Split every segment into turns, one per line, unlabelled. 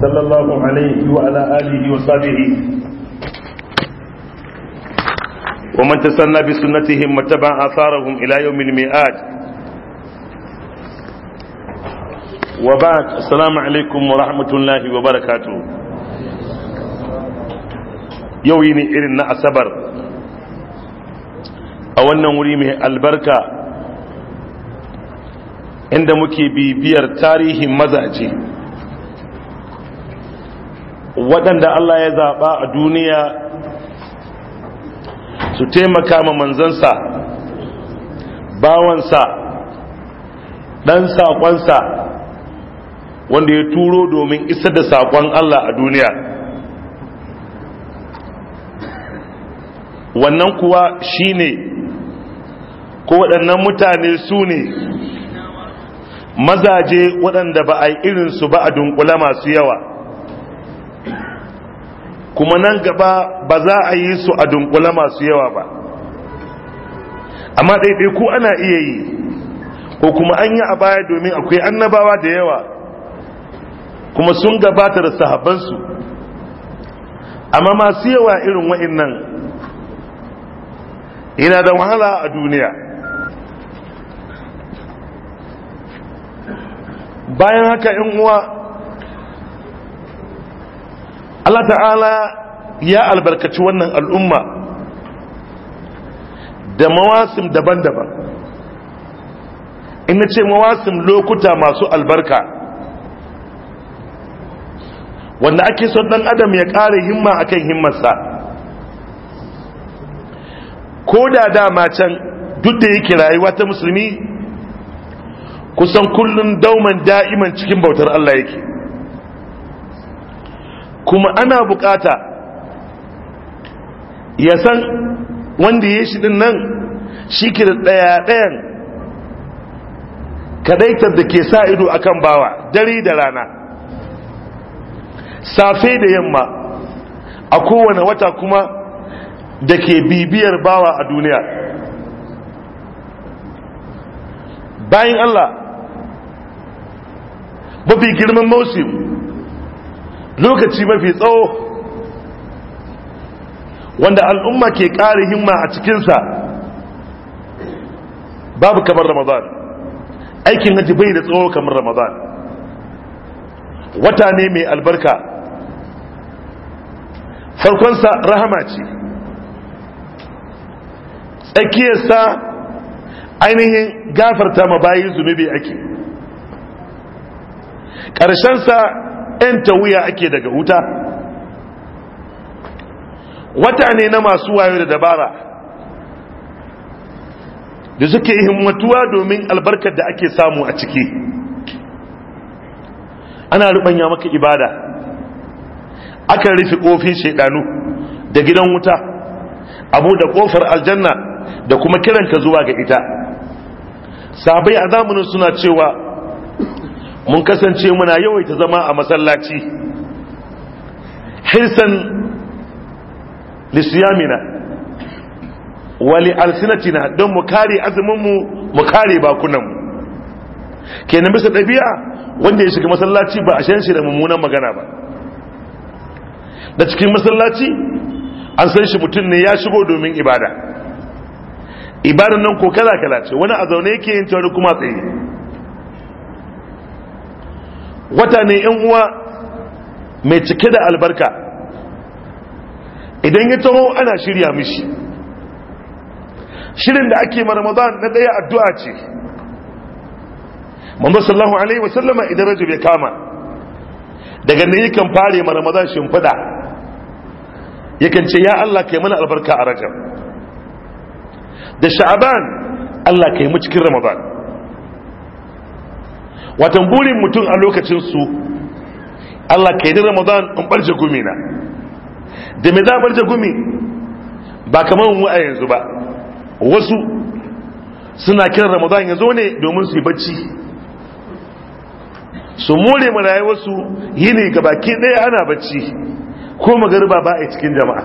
صلى الله عليه وعلى آله وصحبه ومن تسنى بسنتهم واتبع آثارهم إلى يوم الميعاد وبعد السلام عليكم ورحمة الله وبركاته يويني إرنا أسبر أولنا مريمه البركة inda muke bibiyar tarihin mazaje waɗanda Allah ya zaɓa a duniya su taimaka ma manzansa bawansa ɗan saƙonsa wanda ya turo domin isa da saƙon Allah a duniya wannan kuwa shine ko waɗannan mutane su ne mazaje waɗanda ba a yi irinsu ba a dunkula masu yawa kuma nan gaba ba za a yi su a dunkula masu yawa ba amma ku ana iya yi ko kuma an yi a baya domin akwai annabawa da yawa kuma sun gabata da sahabansu, amma masu yawa irin wa'in nan yana da wahala a duniya bayan haka in uwa Allah ta'ala ya albarkaci wannan al'umma da mawasim daban-daban ina ce mawasim lokuta masu albarka wanda ake son ɗan adam ya ƙara himma akan himmarsa ko da dama can duk da yake rayuwa ta musulmi kusan kullum dauman da'iman cikin bautar Allah yake kuma ana bukata ya san wanda ya shi din nan shi ke da ɗaya-ɗayan kadaitar da ke sa ido akan bawa dare da rana safe da yamma a kowane wata kuma da ke bibiyar bawa a duniya bayan Allah mafi girman mausim lokaci mafi tsawo wanda al'umma ke ƙari himma a cikinsa babu kamar ramadan aikin hajji bai da tsawo kamar ramadan wata ne mai albarka farkonsa rahama ce tsakiyarsa ainihin gafarta ma bayi zunubi ake ƙarshensa 'yan wuya ake daga wuta wata ne na masu wayo da dabara da suke yi himmatuwa domin albarkar da ake samu a ciki ana rubanya maka ibada akan rufe kofin shaidanu da gidan wuta abu da ƙofar aljanna da kuma kiranka zuwa ga ita Sabai a zamanin suna cewa mun kasance muna ta zama a masallaci hirsan lisiyamina wali alsinatina don mu kare azuminmu mu kare bakunanmu kenan bisa ɗabi'a wanda ya shiga masallaci ba a shan shi da mummunan magana ba da cikin masallaci an san shi mutum ne ya shigo domin ibada ibadan nan ko kala kala ce wani a zaune yake yin tauri kuma tsaye wata ne yan uwa mai cike da albarka idan ya taho ana shirya mishi shirin da ake ma ramadan na daya addu'a ce manzo sallallahu alaihi wasallama idan raju ya kama daga nan yakan fare ma shimfida yakan ce ya Allah kai mana albarka a rajab da sha'aban Allah kai mu cikin ramadan watan burin mutum a lokacin su Allah ka yi ramadan in barje gumi na da me za a barje gumi ba kamar mu a yanzu ba wasu suna kiran ramadan ya zo ne domin su yi bacci su more mu rayuwarsu yini ga baki ɗaya ana bacci ko magariba ba a cikin jama'a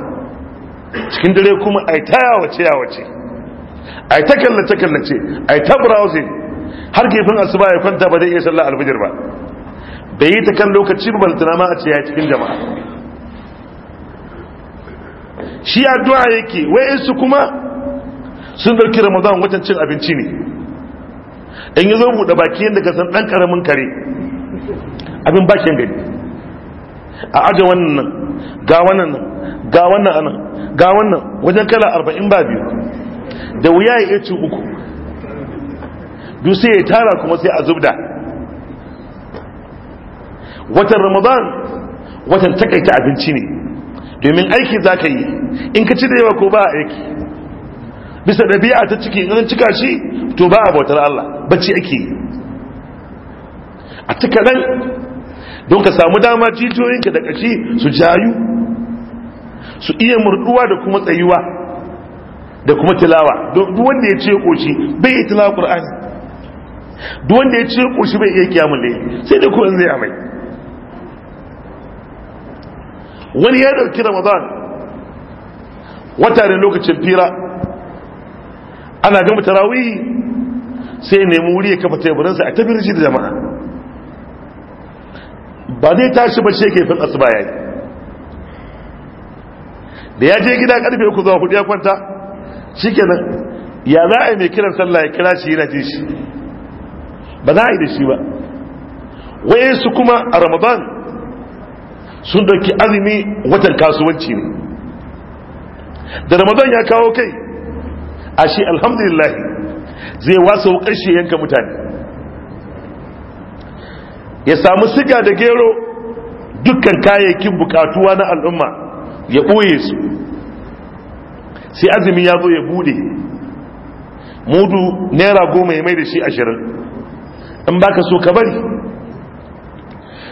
cikin dare kuma a yi ta yawace yawace a yi ta kallace kallace a yi ta browsing har gefen asuba ya kwanta ba zai iya sallar alfajir ba bai yi ta kan lokaci ba balantana ma a ce ya cikin jama'a shi addu'a yake su kuma sun dauki ramadan watan cin abinci ne in yi zo buɗe baki yadda ka san ɗan ƙaramin kare abin bakin gari a aje wannan nan ga wannan nan ga wannan anan ga wannan wajen kala arba'in ba biyu da wuya ya ce uku dusai ya tara kuma sai a zubda watan ramadan watan takaita abinci ne domin aiki za ka yi in ka ci da yawa ko ba aiki bisa ɗabi'a ta ciki in cika shi to ba a bautar Allah bacci ake yi a cika nan don ka samu dama titoyinka da ƙashi su jayu su iya murduwa da kuma tsayuwa da kuma tilawa don wanda ya ce ƙoshi bai yi tilawa ƙur'ani duk wanda ya ce koshi bai iya kiyamun da sai da kuwan zai amai wani ya dauki ramadan wata ne lokacin fira ana gama tarawih sai nemi wuri ya kafa teburinsa a tabir da jama'a ba zai tashi ba ce kefin asuba yayi da ya je gida karfe uku zuwa hudu ya kwanta shikenan ya za a yi mai kiran sallah ya kira shi yana jin shi ba za a yi da shi ba wayansu kuma a ramadan sun dauki azumi watan kasuwanci ne da ramadan ya kawo kai shi alhamdulillah zai wasa ƙarshe yanka mutane ya samu siga da gero dukkan kayayyakin bukatuwa na al'umma ya ɓoye su sai azumi ya zo ya bude mudu naira goma ya mai da shi ashirin in baka so ka bari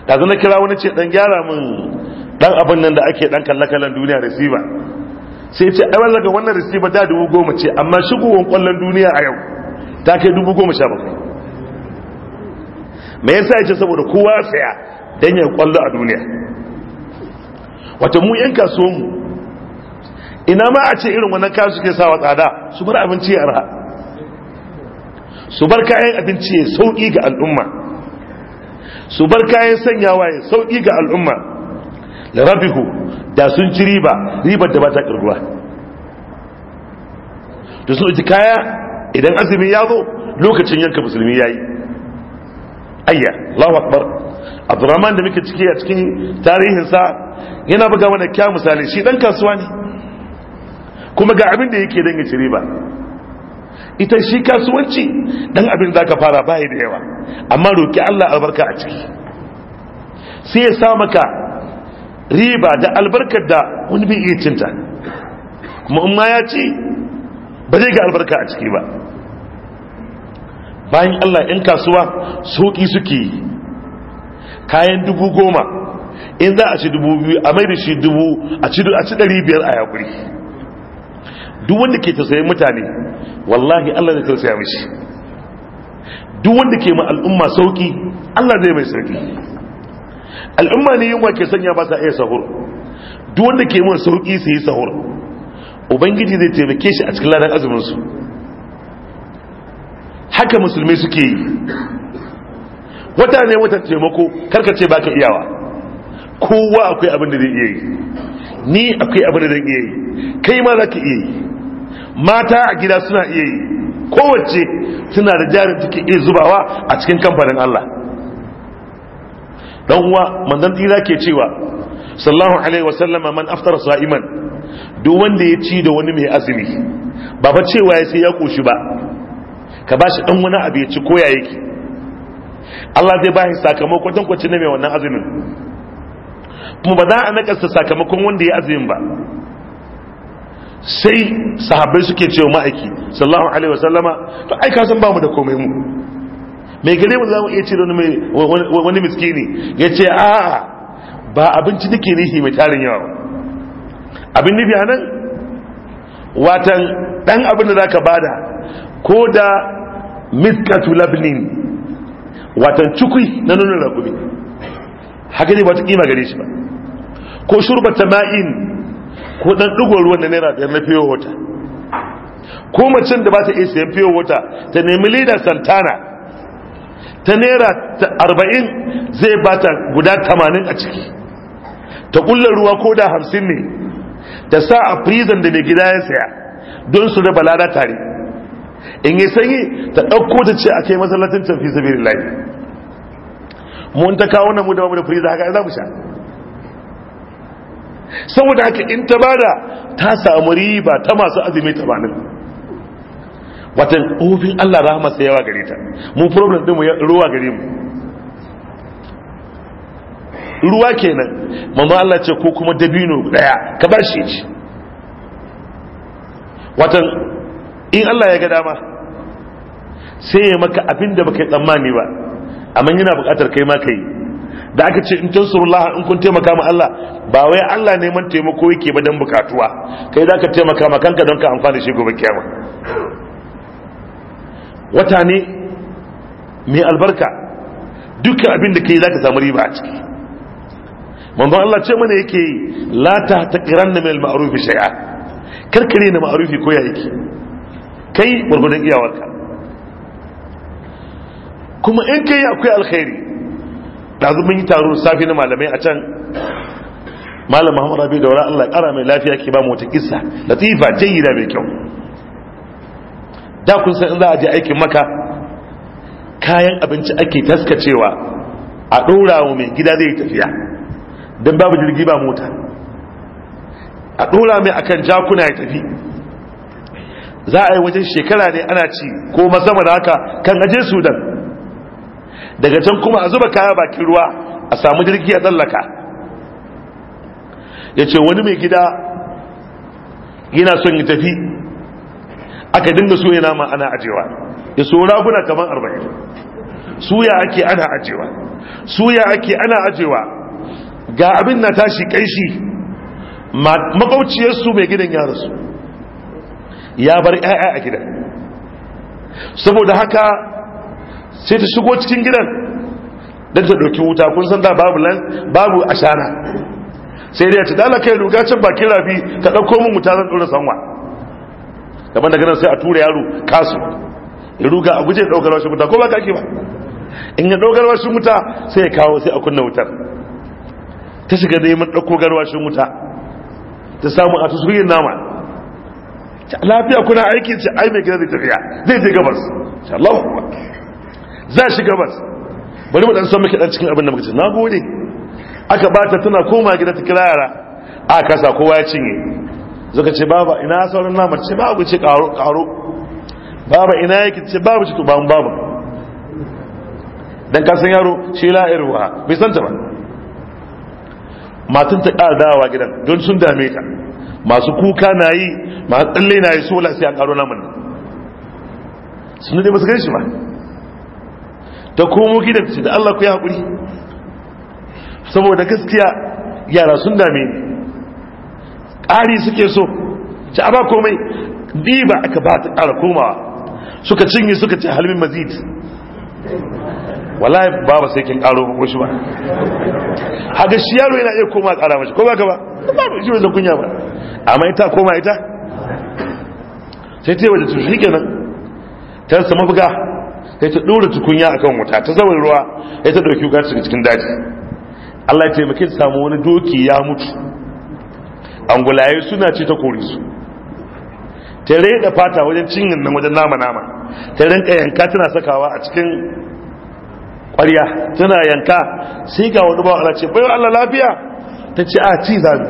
da na kira wani ce dan gyara min dan abin nan da ake dan kallakalan duniya receiver sai ce ai wallaga wannan receiver da dubu goma ce amma shigowar kwallon duniya a yau ta kai dubu goma sha bakwai me yasa yace saboda kowa tsaya dan ya kwallo a duniya wato mu yan kasuwan mu ina ma a ce irin wannan kasu ke sawa tsada su bar abinci ya raha su bar kayan abinci ya sauƙi ga al'umma su bar kayan sanyawa ya sauƙi ga al'umma larabihu da sun ci riba ribar da ba ta ƙirguwa da sun ci kaya idan azumi ya zo lokacin yanka musulmi ya yi ayya Allahu akbar abdurrahman da muke ciki a cikin tarihinsa yana buga wani kya misali shi ɗan kasuwa ne kuma ga abin da yake dangin ci riba ita shi kasuwanci dan abin da ka fara bai da yawa amma roki Allah albarka a ciki sai ya sa maka riba da albarkar da wani bai iya kuma in ma ya ci ba zai ga albarka a ciki ba bayan Allah in kasuwa soki suke yi kayan dubu goma in za a ci dubu biyu a mai da shi dubu a ci dari biyar a yakuri duk wanda ke tausayin mutane wallahi Allah zai tausaya mishi duk wanda ke ma al'umma sauki Allah zai mai sauki al'umma ne yunwa ke sanya ba sa iya sahur duk wanda ke mun sauki su yi sahur ubangiji zai taimake shi a cikin ladan azumin su haka musulmi suke yi wata ne wata taimako karkace baka iyawa kowa akwai abin da zai iya yi ni akwai abin da zan iya yi kai ma za ka iya yi mata a gida suna iya yi kowace suna da jarin take iya zubawa a cikin kamfanin Allah dan uwa manzon tira ke cewa sallallahu alaihi wasallama man aftara sa'iman duk wanda ya ci da wani mai azumi baba fa cewa ya sai ya koshi ba ka bashi dan wani abu ya ci koya yake Allah zai bashi sakamakon kwatankwacin na mai wannan azumin kuma ba za a nakasta sakamakon wanda ya azumin ba sai sahabbai suke cewa ma'aiki sallallahu alaihi wasallama to ai ka san bamu da komai mu mai gare mu za mu iya cire wani miskini ya ce a ba abinci nake nihi mai tarin yawa abin nufi anan watan dan abin da zaka bada ko da miskatu labnin watan cukui na nuna rakumi haka ne ba ta kima gare shi ba ko shurbata ma'in ko dan ruwa ruwan da naira biyar na fiyo wata ko macen da ba ta iya sayan fiyo wata ta nemi leader santana ta naira arba'in zai ba ta guda tamanin a ciki ta kulla ruwa ko da hamsin ne ta sa a prison da mai gida ya saya don su raba lada tare in yi sanyi ta ɗauko ta ce a kai masallacin tafi sabirin layi mun ta kawo na mu da mu da prison haka za mu sha saboda haka in ta bada ta samu riba ta masu azumi ta bani watan ofin Allah rahama sai yawa gare ta mu problem din mu ruwa gare mu ruwa kenan mamma Allah ce ko kuma dabino daya ka bar shi ci watan in Allah ya ga dama sai ya maka abinda da baka tsammani ba amma yana bukatar kai ma kai da aka ce in tansurullah in kun taimaka ma Allah ba wai Allah ne neman taimako yake ba dan bukatuwa kai zaka taimaka ma kanka don ka amfana shi gobe kiyama wata ne mai albarka duka abin da kai zaka samu riba a ciki manzon Allah ce mana yake la ta taqiranna min al-ma'ruf shay'a karkare na ma'rufi ko ya yake kai gurgurdan iyawarka kuma in kai akwai alkhairi ɗazu mun yi taro safi na malamai a can malam muhammad rabi da wani allah ƙara mai lafiya ke ba mu wata kisa, latifa jayyida mai kyau da kun san in za a je aikin maka kayan abinci ake taskacewa a ɗora mu mai gida zai tafiya don babu jirgi ba mota a ɗora mai akan jakuna ya tafi za a yi wajen shekara ne ana ci ko masama da haka kan aje sudan daga can kuma a zuba kaya bakin ruwa a samu jirgi a tsallaka ya ce wani mai gida yana son ya tafi aka dinga soya nama ana ajewa ya so raguna kamar arba'in suya ake ana ajewa suya ake ana ajewa ga abin na tashi kaishi makwabciyarsu mai gidan rasu ya bar 'ya'ya a gidan saboda haka sai ta shigo cikin gidan don ta ɗauki wuta kun san da babu lan babu ashana sai dai ta dala kai ruga can bakin rafi ka ɗauko min wuta zan dora sanwa daban daga nan sai a tura yaro kasu ya ruga a guje daukar wasu wuta ko ba kake ba in ya daukar wasu wuta sai ya kawo sai a kunna wutar ta shiga neman ɗauko garwashin wuta ta samu a tusurin nama lafiya kuna aikin ce ai mai gida zai tafiya zai je gabas Allah za shi gabas bari mu dan son muke dan cikin abin da muka ce nagode aka bata tana koma gida ta kira yara a kasa kowa ya cinye zaka ce baba ina sauran nama ce babu ce karo karo baba ina yake ce babu ce to ban babu dan kasan yaro shi la irwa bai ta ba matan ta ƙara dawa gidan don sun dame ta masu kuka na yi masu tsalle na yi sola sai a ƙaro namun sun ne ba su gan shi ba ta komo da ce da Allah ku yi haƙuri saboda gaskiya yara sun dame ni ƙari suke so ci a ba komai ba aka ba ta ƙara komawa suka cinye suka ce halmin mazid wallahi baba sai kin ƙaro ko shi ba haka shi yaro yana iya koma ƙara mashi ko ba ka ba ba ba shi wanda kunya ba amma ita koma ita sai ta yi wajen tushe kenan ta samu buga sai ta dora tukunya akan wuta ta zama ruwa sai ta dauki wuka ta cikin daji Allah ya taimake ta samu wani doki ya mutu angulaye suna ce ta kore su ta reda fata wajen cinyin nan wajen nama nama ta rinka yanka tana sakawa a cikin kwarya tana yanka sai ga wani bawa Allah ce bai Allah lafiya ta ce a ci zabi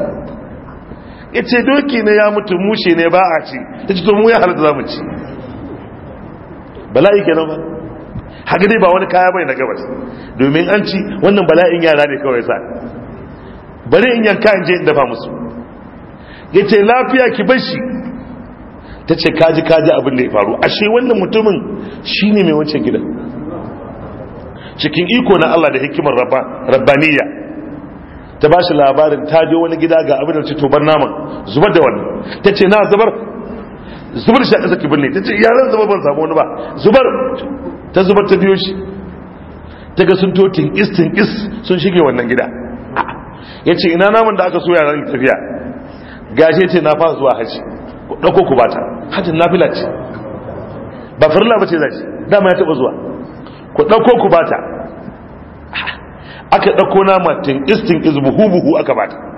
ya ce doki ne ya mutu mushe ne ba a ci ta ce to mu ya halatta za mu ci bala'i kenan ba haka dai ba wani kaya bai na gabas domin an ci wannan bala'in yara ne kawai sa bari in yanka in je in dafa musu ya ce lafiya ki bashi ta ce kaji kaji abin da ya faru ashe wannan mutumin shi ne mai wancan gidan cikin iko na Allah da hikimar rabbaniya ta ba shi labarin ta je wani gida ga abin da ce tobar naman zubar da wani ta ce na zubar zubar shi a ƙasa ki ta ce yaran zama ban samu wani ba zubar ta zubar ta biyo shi ta ga sun to tinkis tinkis sun shige wannan gida ya ce ina namun da aka so yaran tafiya gashe ce na fara zuwa haji ɗauko ku bata Haji na fila ce ba farla ba ce za shi dama ya taɓa zuwa ku ɗauko ku bata aka ɗauko nama tinkis tinkis buhu buhu aka bata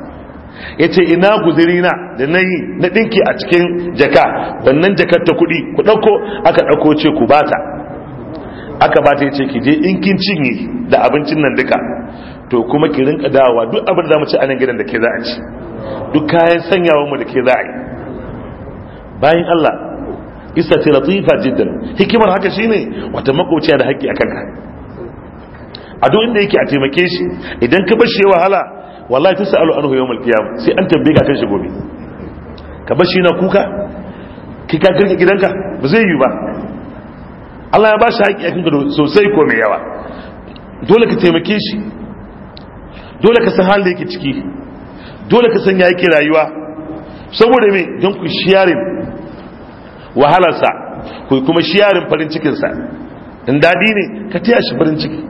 ya ce ina na da na yi na ɗinki a cikin jaka wannan jakar ta kuɗi ku ɗauko aka ɗauko ce ku bata aka bata ya ce ki je in kin cinye da abincin nan duka to kuma ki rinka dawowa duk abin da mu ci a nan gidan da ke za a ci duk kayan sanyawar mu da ke za a yi bayan Allah isa ce latifa jiddan hikimar haka shine wata makociya da haƙƙi a kanka a duk inda yake a taimake shi idan ka bar shi wahala wallahi tusalu anhu yawmal qiyam sai an tambaye ka kan shi gobe ka bar shi na kuka ki ka girki gidanka ba zai yi ba Allah ya ba shi haƙi akan ka sosai ko mai yawa dole ka taimake shi dole ka san halin da yake ciki dole ka san ya yake rayuwa saboda me don ku shiyarin wahalarsa ku kuma shiyarin farin cikinsa in daɗi ne ka taya shi farin ciki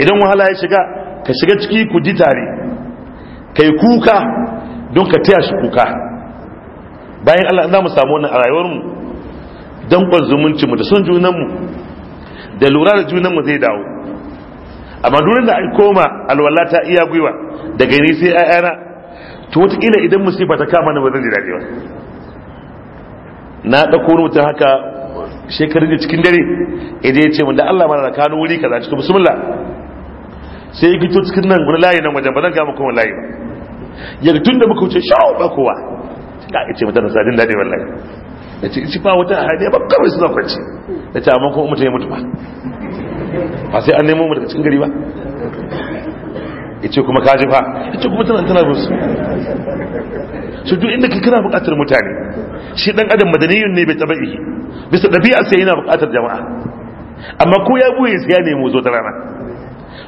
idan wahala ya shiga ka shiga ciki ku ji tare kai kuka don ka taya shi kuka bayan Allah za mu samu wannan a rayuwarmu dankon zumuncinmu da son junanmu da lura da mu zai dawo amma durin da an koma alwala ta iya gwiwa daga ni sai ayyana to wataƙila idan musifa ta kama ni ba zan ji daɗi ba na ɗauko rubuta haka shekarun da cikin dare idan ya ce mu da Allah mana da kanu wuri kaza cikin bismillah sai ya fito cikin nan guda layi nan wajen ba zan gama kuma layi ba Yadda tun da muka wuce shawo ba kowa ga ya ce mutane sadin daɗe wallahi da ce ci ba wata hadiya ba kawai suna kwanci da ce amma kuma mutane mutu ba ba sai an nemo mu daga cikin gari ba ya ce kuma kaji fa ya ce kuma tana tana rusu su duk inda kana buƙatar mutane shi ɗan adam madaniyun ne bai taɓa ihi bisa ɗabi'a sai yana buƙatar jama'a amma ko ya buye sai ya nemo zo ta rana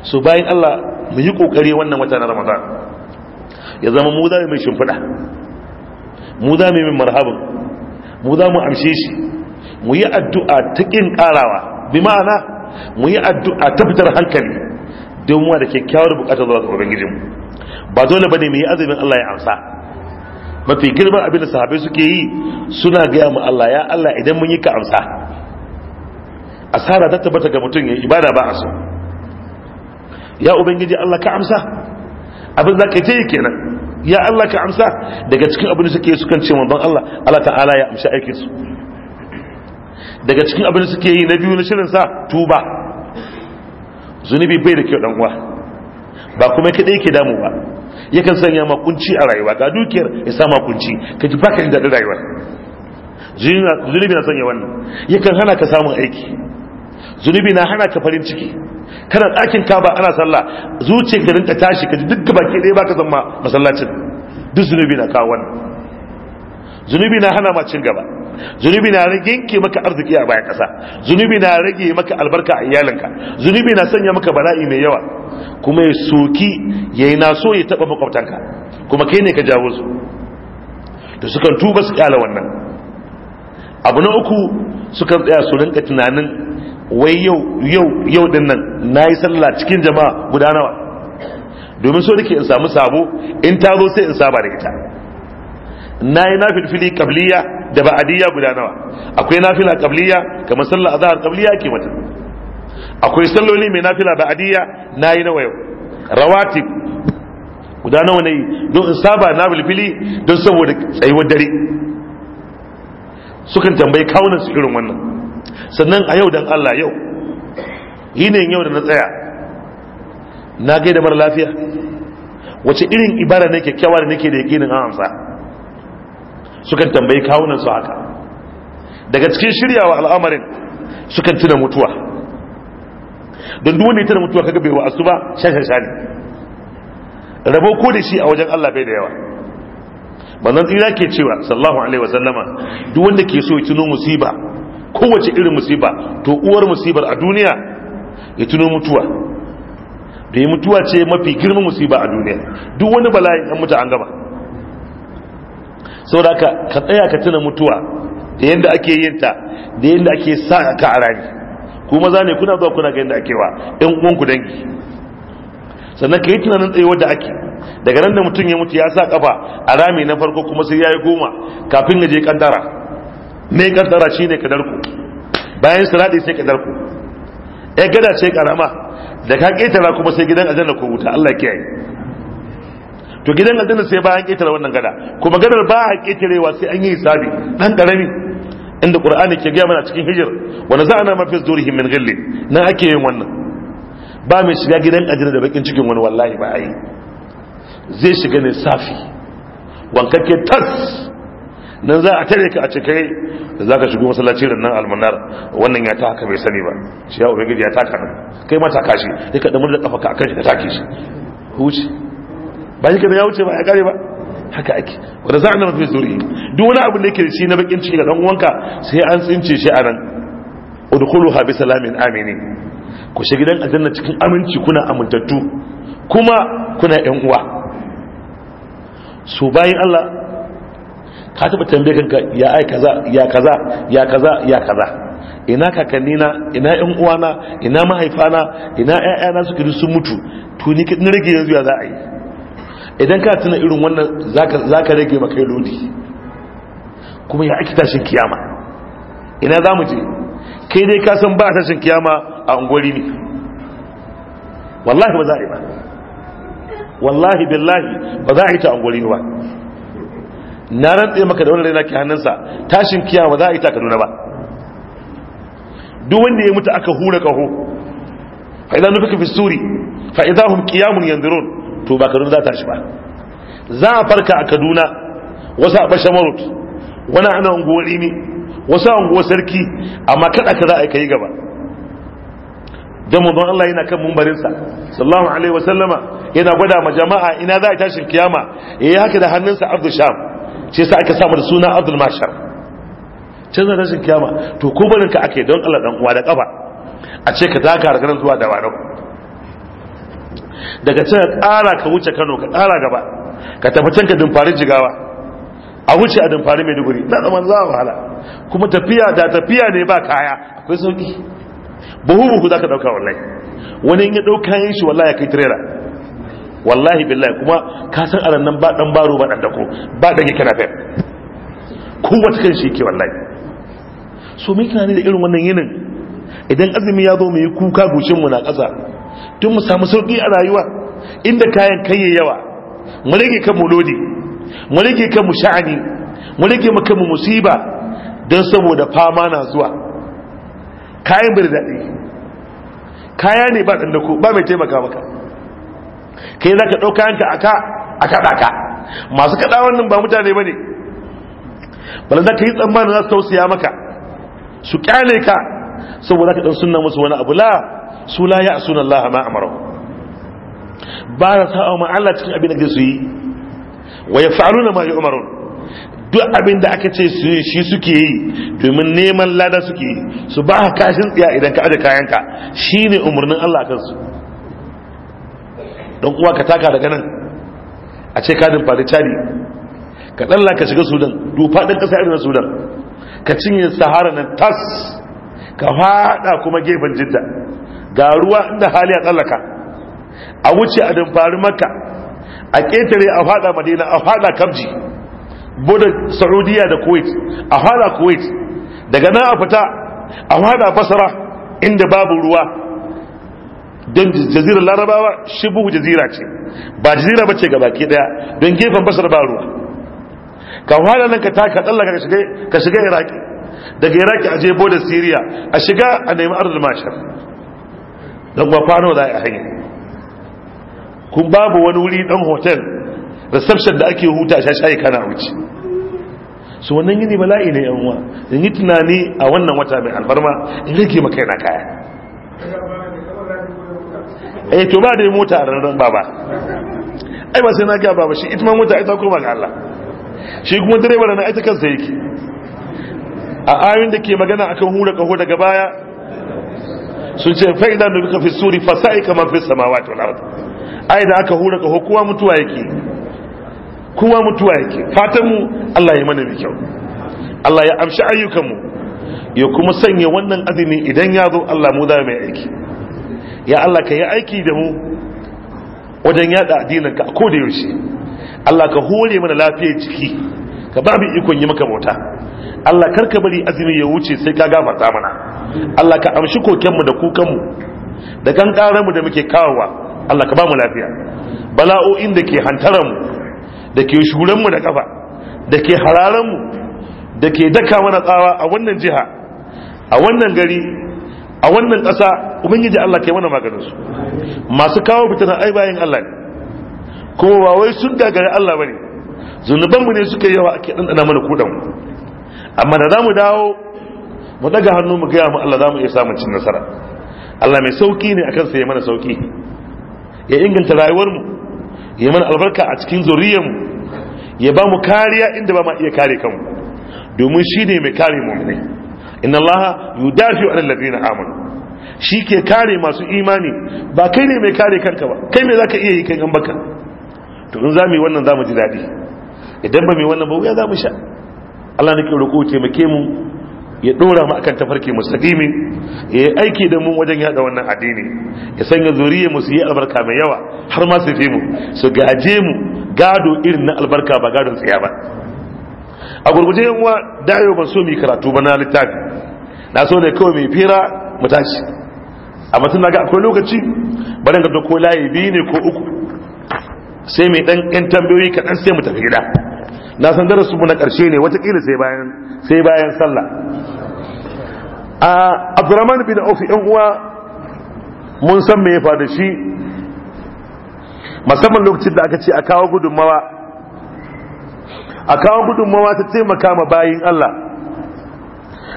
so bayan Allah mu yi kokari wannan wata na Ramadan ya zama mu za mu mai shimfiɗa mu za mu mai marhaban mu za mu amshe shi mu yi addu'a ta ƙin ƙarawa bi ma'ana mu yi addu'a ta fitar hankali don wa da kyakkyawar bukatar zuwa ga ubangijinmu ba dole bane mu yi azumin Allah ya amsa mafi girman abin da sahabai suke yi suna gaya mu Allah ya Allah idan mun yi ka amsa asara ta tabbata ga mutum ya ibada ba a so ya ubangiji Allah ka amsa abin za ka yi kenan ya Allah ka amsa daga cikin abin da suke yi sukan ce manzon Allah Allah ta'ala ya amsa aikin su daga cikin abin da suke yi na biyu na shirin sa tuba zunubi bai da kyau dan uwa ba kuma kada yake damu ba yakan sanya makunci a rayuwa ga dukiyar ya sa makunci, ka ji baka jin rayuwa zunubi na sanya wannan yakan hana ka samun aiki zunubi na hana ka farin ciki kana ɗakin ba ana sallah zuciyar ka rinka tashi ka ji duk baki ɗaya baka zama masallacin duk zunubi na kawo wannan zunubi na hana ma gaba zunubi na rage yanke maka arziki a bayan kasa. zunubi na rage maka albarka a iyalinka zunubi na sanya maka bala'i mai yawa kuma ya soki ya yi so ya taɓa makwabtanka kuma kai ne ka jawo su da sukan tuba su kyala wannan abu na uku sukan tsaya su rinka tunanin wai yau yau yau din nan na yi sallah cikin jama'a guda nawa domin so nake in samu sabo in ta zo sai in saba da ita na yi na filfili kabliya da ba'adiyya guda nawa akwai fila kabliya kamar sallah azhar kabliya ke mata akwai salloli mai nafila ba'adiyya na yi nawa yau rawati guda nawa na yi don in saba na filfili don saboda tsayuwar dare sukan tambayi kawunan su irin wannan sannan a yau dan Allah yau yi ne yau da na tsaya na gaida mara lafiya wace irin ibada ne kyakkyawa da nake da yakinin an amsa sukan tambayi kawunan su haka daga cikin shiryawa al'amarin sukan tuna mutuwa don duk ya tuna mutuwa kaga bai asu ba shan rabo ko da shi a wajen Allah bai da yawa manzon tsira ke cewa sallahu alaihi wasallama duk wanda ke so ya tuno musiba kowace irin musiba to uwar musibar a duniya ya tuno mutuwa da yi mutuwa ce mafi girman musiba a duniya duk wani bala'in an mutu an gama da ka tsaya ka tuna mutuwa da yadda ake yin ta da yadda ake sa ka a rani ku maza ne kuna zuwa kuna ga yadda ake wa uwan uwanku dangi sannan ka yi tunanin tsaye da ake daga nan da mutum ya mutu ya sa kafa a rami na farko kuma sai ya yi goma kafin ya je kandara mai kaddara ne kadarku bayan sirati sai kadarku ya gada ce karama da ka ketara kuma sai gidan aljanna ko wuta Allah ya to gidan aljanna sai bayan ketare wannan gada kuma gadar ba a ketarewa sai an yi hisabi dan karami inda qur'ani ke gaya mana cikin hijir wa naza'na ma fi zurihim min ghilli na ake yin wannan ba mai shiga gidan aljanna da bakin cikin wani wallahi ba ai zai shiga ne safi wankakke tas nan za a tare ka a cikai da za ka shigo masallacin nan almanar wannan ya ta haka bai sani ba shi ya ubangiji ya taka nan kai ma taka shi sai ka damar da kafa ka akan shi ka take shi huce ba shi ka ya wuce ba ya kare ba haka ake wanda za a nan mafi zuri duk wani abu da yake shi na bakin ciki ga dan uwanka sai an tsince shi a nan udkhuluha bi salamin amini ku shiga gidan aljanna cikin aminci kuna amintattu kuma kuna yan uwa so bayin Allah ka taba tambaye kanka ya ai kaza ya kaza ya kaza ya kaza ina kakannina ina yan uwana ina mahaifana ina ƴaƴana su kiri sun mutu to ni kin rage yanzu ya za a yi idan ka tuna irin wannan zaka zaka rage maka lodi kuma ya ake tashin kiyama ina za mu je kai dai ka san ba tashin kiyama a unguwari ne wallahi ba za a yi ba wallahi billahi ba za a yi ta ungwari ba na rantse maka da wannan raina ke hannunsa tashin kiyama za a yi ta kaduna ba duk wanda ya mutu aka hura kaho fa idan nufika fi suri fa idan hum qiyamun yanzurun to ba kaduna za ta shi ba za a farka a kaduna wasu a bashe marut wani ana unguwa imi wasu a unguwar sarki amma kada ka za a kai gaba Don dan manzon Allah yana kan mumbarinsa sallallahu alaihi wasallama yana gwada ma jama'a ina za a tashin kiyama Ya yi haka da hannunsa Abdul Sham shi yasa aka samu da suna azul mashar canza rashin kiyama to ko barin ka ake don Allah dan uwa da kafa a ce ka taka daga zuwa da wani daga can ka kara ka wuce Kano ka kara gaba ka tafi can ka dumfari jigawa a wuce a dumfari Maiduguri na zaman za wahala kuma tafiya da tafiya ne ba kaya akwai sauki buhu buhu za ka ɗauka wallahi wani in ya ɗauka yin shi wallahi ya kai tirela wallahi billahi kuma ka san a nan ba dan baro ba dan dako ba dan yake Ko wata kan shi ke wallahi so me kana ne da irin wannan yinin idan azumi ya zo mu yi kuka goshin mu na ƙasa tun mu samu sauki a rayuwa inda kayan kai yawa mu rage kan mu lodi mu rage kan mu sha'ani mu rage mu kan mu musiba dan saboda fama na zuwa kayan bir daɗi kaya ne ba ɗan dako ba mai taimaka maka kai za ka ɗauka yanka a kaɗaka? masu kaɗa wannan ba mutane ba ne bala za ka yi tsammanin za su tausaya maka su kyale ka saboda ka ɗan sunna musu wani abu la su la ya suna Allah ma amara ba za sa'a ma Allah cikin abin da su yi wa ya na ma yi umaru duk abin da aka ce su shi suke yi domin neman lada suke yi su ba kashin tsiya idan ka aje kayanka shi ne umarnin Allah kansu don kuwa ka taka daga nan a ce kadin faɗi cari ka ɗalla ka shiga sudan dufa ɗin ƙasa irin na sudan ka cinye sahara nan tas ka haɗa kuma gefen jidda ga ruwa inda hali a tsallaka a wuce a damfari maka a ƙetare a haɗa madina a faɗa kabji bodin saudiya da kuwait a haɗa kuwait daga nan a fita a faɗa fasara inda babu ruwa don jazirar larabawa shibuhu jazira ce ba jazira ba ce gabaki daya don gefen basar ba ruwa ka wahala nan ka taka tsallaka ka shiga iraki daga iraki a jebo da siriya a shiga a nemi arzikin mashar don ba kwano za a hanyar kun babu wani wuri dan hotel reception da ake huta shashayi kana wuce su wannan yini bala'i ne yan uwa in yi tunani a wannan wata mai albarma in rike maka yana kaya ya eh, to ba yi mota rarrun baba ai ba sai na gaba baba shi ita ma mota ita kuma ga Allah shi kuma direba na ita kansa yake a ayoyin da ke magana akan hura kaho daga baya sun ce fa'idan da duka fi suri fasa'i kamar fi samawati wal ard ai da aka hura kaho kowa mutuwa yake kowa mutuwa yake fatan mu Allah ya mana kyau Allah ya amshi ayyukan mu ya kuma sanya wannan azumi idan ya zo Allah mu da mai aiki ya Allah ka yi aiki da mu wajen yada ka ko da yaushe Allah ka hore mana lafiyar ciki. ka ba mu ikon yi maka bauta Allah kar ka bari azumi ya wuce sai ka gafarta mana Allah ka amshi mu da kukanmu da mu da muke kawowa Allah ka ba mu lafiya bala'o'in da ke mu da ke shuranmu da kafa da ke mu da ke daka mana tsawa a wannan jiha a wannan gari a wannan ƙasa ubangiji Allah ke mana maganin masu kawo fitina ai bayan Allah ne kuma ba wai sun gagari Allah bane ne mu ne suka yawa ake ɗanɗana mana kudan amma da zamu dawo mu daga hannu mu gaya mu Allah zamu iya samun cin nasara Allah mai sauki ne akan sa ya mana sauki ya inganta rayuwar mu ya mana albarka a cikin zuriyar mu ya ba mu kariya inda ba ma iya kare kanmu domin shi ne mai kare mu ne inna allaha yudafi an alladhina amanu shi ke kare masu imani ba kai ne mai kare kanka ba kai me zaka iya yi kai gan baka to in zamu yi wannan zamu ji dadi idan ba mu yi wannan ba wuya zamu sha Allah nake roƙo taimake mu ya dora mu akan tafarki mustaqimi ya yi aiki da mu wajen yada wannan addini ya sanya zuriyar mu su yi albarka mai yawa har ma su fi mu su gaje mu gado irin na albarka ba gadon tsaya ba a gurguje yan uwa da yau ban so mu karatu ba na littafi na so ne kawai mai fira mu tashi A mutum na ga akwai lokaci Ba ga doko layi biyu ne ko uku sai mai dan yan tambayoyi kaɗan sai mu tafi gida na san darasu na ƙarshe ne watakila sai bayan sai bayan sallah a abdurrahman bin auf yan uwa mun san me ya faru da shi musamman lokacin da aka ce a kawo gudunmawa a kawo gudunmawa ta taimaka ma bayin Allah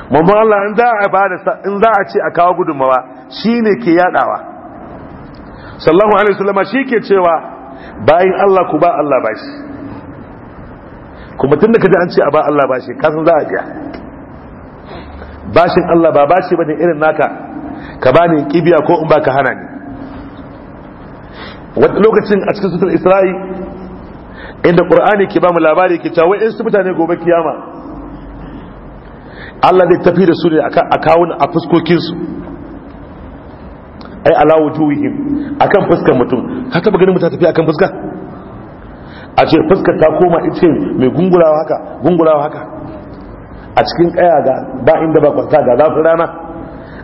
mamman Allah in za a bada in za a ce a kawo gudunmawa shine ke yadawa sallallahu alaihi wasallam shi ke cewa bayin Allah ku ba Allah bashi kuma tun da kaji an ce a ba Allah bashi ka san za a biya bashin Allah ba bashi bane irin naka ka bani kibiya ko in baka hana ni wata lokacin a cikin sutar Isra'i inda qur'ani ke ba mu labari ke cewa in su mutane gobe kiyama Allah zai tafi da su ne a kawun a fuskokin su ai ala wujuhihim akan fuskar mutum ka taba ganin mutum tafi akan fuska a ce fuskar ta koma ita mai gungurawa haka gungurawa haka a cikin kaya ga ba inda ba kwanta ga zafin rana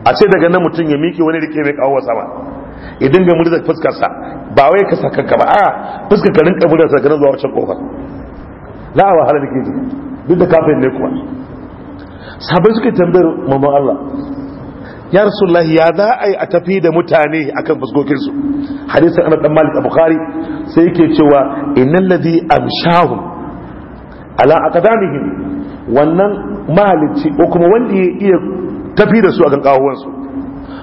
a ce daga nan mutum ya miƙe wani rike mai kawo sama ya dinga murza fuskarsa ba wai ka saka ka ba a fuskar ka rinka murza sa zuwa wancan kofar la wahala da ke ji duk da kafin ne kuma sabai suka tambayar mamman Allah ya rasulullahi ya za a yi a tafi da mutane akan fuskokinsu hadisan ana dan malik bukhari sai yake cewa innal ladhi amshahum ala aqdamihim wannan malici ko kuma wanda ya iya tafi da su a akan kahuwansu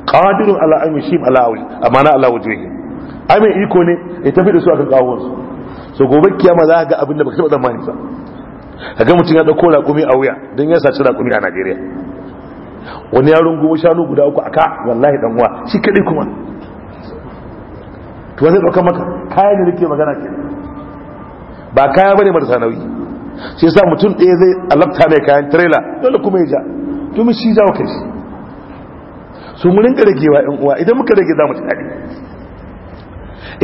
qadirun ala an yushim ala awli amana ala wajhihi ai mai iko ne ya tafi da su akan kawon su so gobe kiyama za ga abinda da baka taba zamani ba kaga mutum ya dauko raƙumi a wuya dan ya saci raƙumi a Najeriya wani yaron goma shanu guda uku aka wallahi dan uwa shi kadai kuma to zai dauka maka kayan da nake magana ke ba kaya bane marasa sanawi Sai yasa mutum ɗaya zai alafta mai kayan trailer dole kuma ya ja to shi za kai shi su mu rinka wa yan uwa idan muka rage za mu ci daɗi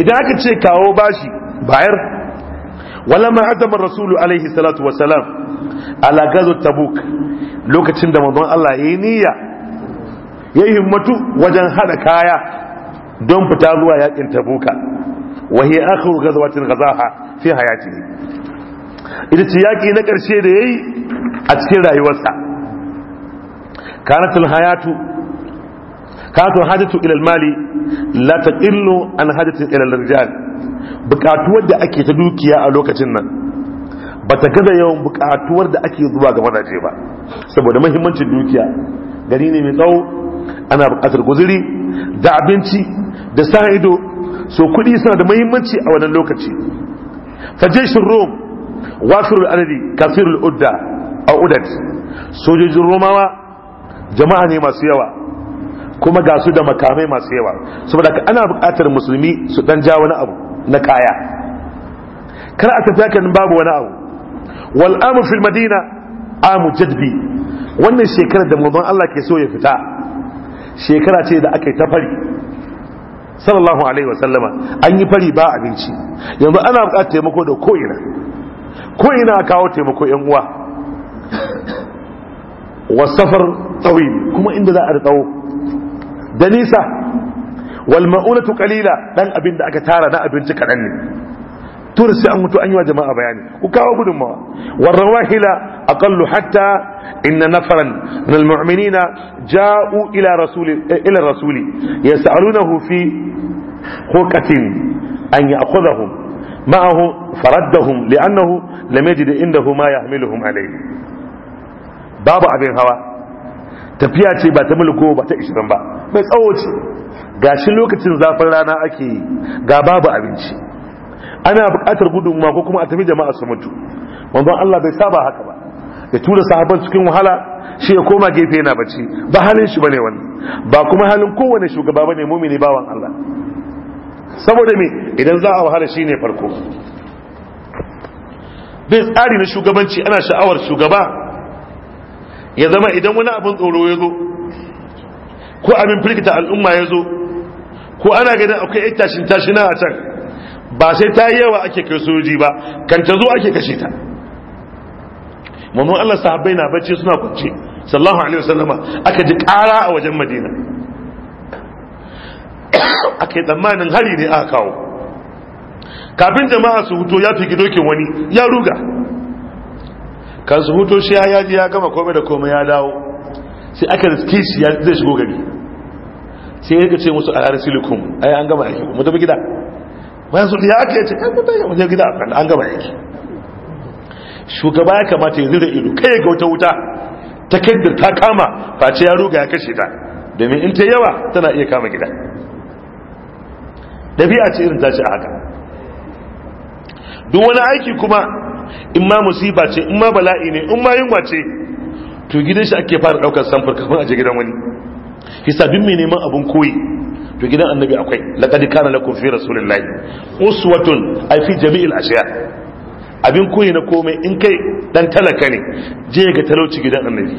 idan aka ce kawo bashi bayar wala ma adama rasulu alaihi salatu wasalam ala gazo tabuk lokacin da manzon Allah ya yi niyya yayi himmatu wajen hada kaya don fita zuwa yakin tabuka wa hiya akhiru ghazwatin ghazaha fi hayatihi ita ce yaki na karshe da yayi a cikin rayuwarsa kanatul hayatu kato hajjatu ilal mali la taqillu an hajjatin ilal rijal bukatuwar da ake ta dukiya a lokacin nan ba ta gaza yawan bukatuwar da ake zuwa ga manaje ba saboda mahimmancin dukiya gari ne mai tsawo ana bukatar guziri da abinci da sa ido so kuɗi suna da mahimmanci a wannan lokaci fajeshin rom wasirul adadi kasirul udda a udad sojojin romawa jama'a ne masu yawa kuma ga su da makamai masu yawa saboda ka ana buƙatar musulmi su dan ja wani abu na kaya kar a tafi hakan babu wani abu wal amu fil madina amu jadbi wannan shekara da manzon Allah ke so ya fita shekara ce da aka yi ta fari sallallahu alaihi wasallama an yi fari ba abinci yanzu ana buƙatar taimako da ko'ina ko'ina kawo taimako yan uwa wasafar tsawi. kuma inda za a da tsawo da nisa walma'unatu kalila qalila dan abin da aka tara na abinci kaɗan ne tur sai an mutu an yi wa jama'a bayani ku kawo gudunmawa war rawahila aqallu hatta inna nafaran min al ja'u ila rasuli ila rasuli yas'alunahu fi hukatin an ya'khudhahum معه فردهم لأنه لم يجد عنده ما يحملهم عليه باب أبي هوا tafiya ce ba ta mulko ba ta ishirin ba mai tsawo ce ga shi lokacin zafin rana ake yi ga babu abinci ana buƙatar gudun mako kuma a tafi jama'a su mutu wanzan allah bai saba haka ba ya tura sahabar cikin wahala shi ya koma gefe yana bacci ba halin shi bane wani ba kuma halin kowane shugaba bane mumini bawan allah saboda me idan za a wahala shine farko bai tsari na shugabanci ana sha'awar shugaba ya zama idan wani abin tsoro ya zo ko abin firgita al'umma ya zo ko ana ganin akwai tashin tashina a can ba sai ta yi yawa ake kai soji ba kan ta zo ake kashe ta mamman Allah sahabbai na bacci suna kwanci sallallahu alaihi wasallama aka ji kara a wajen madina aka yi tsammanin hari ne aka kawo kafin jama'a su huto ya fi gidokin wani ya ruga kan su shi ya ji ya gama komai da komai ya dawo sai aka riske shi ya zai shigo gari sai ya ce musu a silikon ai an gama aiki mu tafi gida bayan su ya aka yace kan mutane mu tafi gida an gama aiki shugaba ya kamata ya zira ido kai ga wata wuta ta kaddar ta kama face ya ruga ya kashe ta domin in ta yawa tana iya kama gida dabi'a ce irin tashi a haka duk wani aiki kuma in ma musiba ce in ma bala'i ne in ma yunwa ce to gidan shi ake fara daukar samfur kafin a je gidan wani hisabin mai neman abun koyi to gidan annabi akwai laqad kana lakum fi rasulillahi uswatun ay fi jami'il ashiya abin koyi na komai in kai dan talaka ne je ga talauci gidan annabi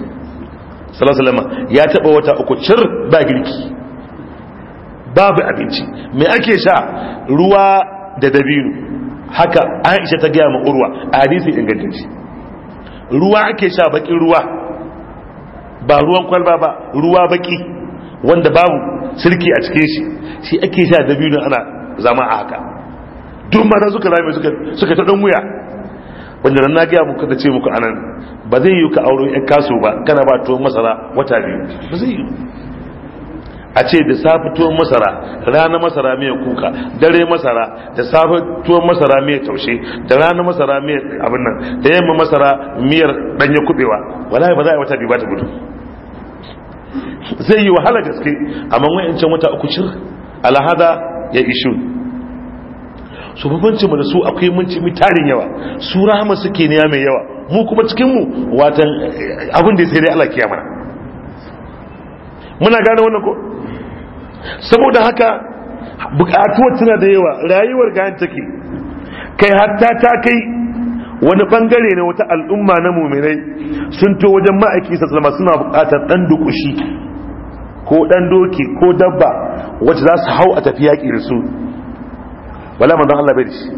sallallahu alaihi wasallam ya taba wata uku cir ba girki babu abinci me ake sha ruwa da dabino haka aisha ta gaya ma urwa a hadisi ingantacce ruwa ake sha bakin ruwa ba ruwan kwalba ba ruwa baki wanda babu sirki a cikin shi shi ake sha biyu ana zama a haka duk mata suka rame suka ta wuya wanda nan na gaya muku da ce muku anan ba zai yi ka auro yan kaso ba kana ba tuwon masara wata biyu ba zai yi a ce da safi tuwon masara rana masara mai kuka dare masara da safi tuwon masara mai taushe da rana masara mai abin nan da yamma masara miyar danye kubewa wallahi ba za a yi wata biyu ba ta gudu zai yi wahala gaske amma wayancin wata uku cir alhada ya ishu su bambancin mu da su akwai munci mitarin yawa su rahama suke niya mai yawa mu kuma cikin mu watan eh, abin da sai dai Allah kiyama muna gane wannan ko saboda haka bukatuwa tana da yawa rayuwar gayan take kai hatta ta kai wani bangare na wata al'umma na muminai sun to wajen ma'aiki sassalama suna bukatar dan dukushi ko dan doki ko dabba wacce za su hau a tafi yaƙi da su wala manzon Allah bai da shi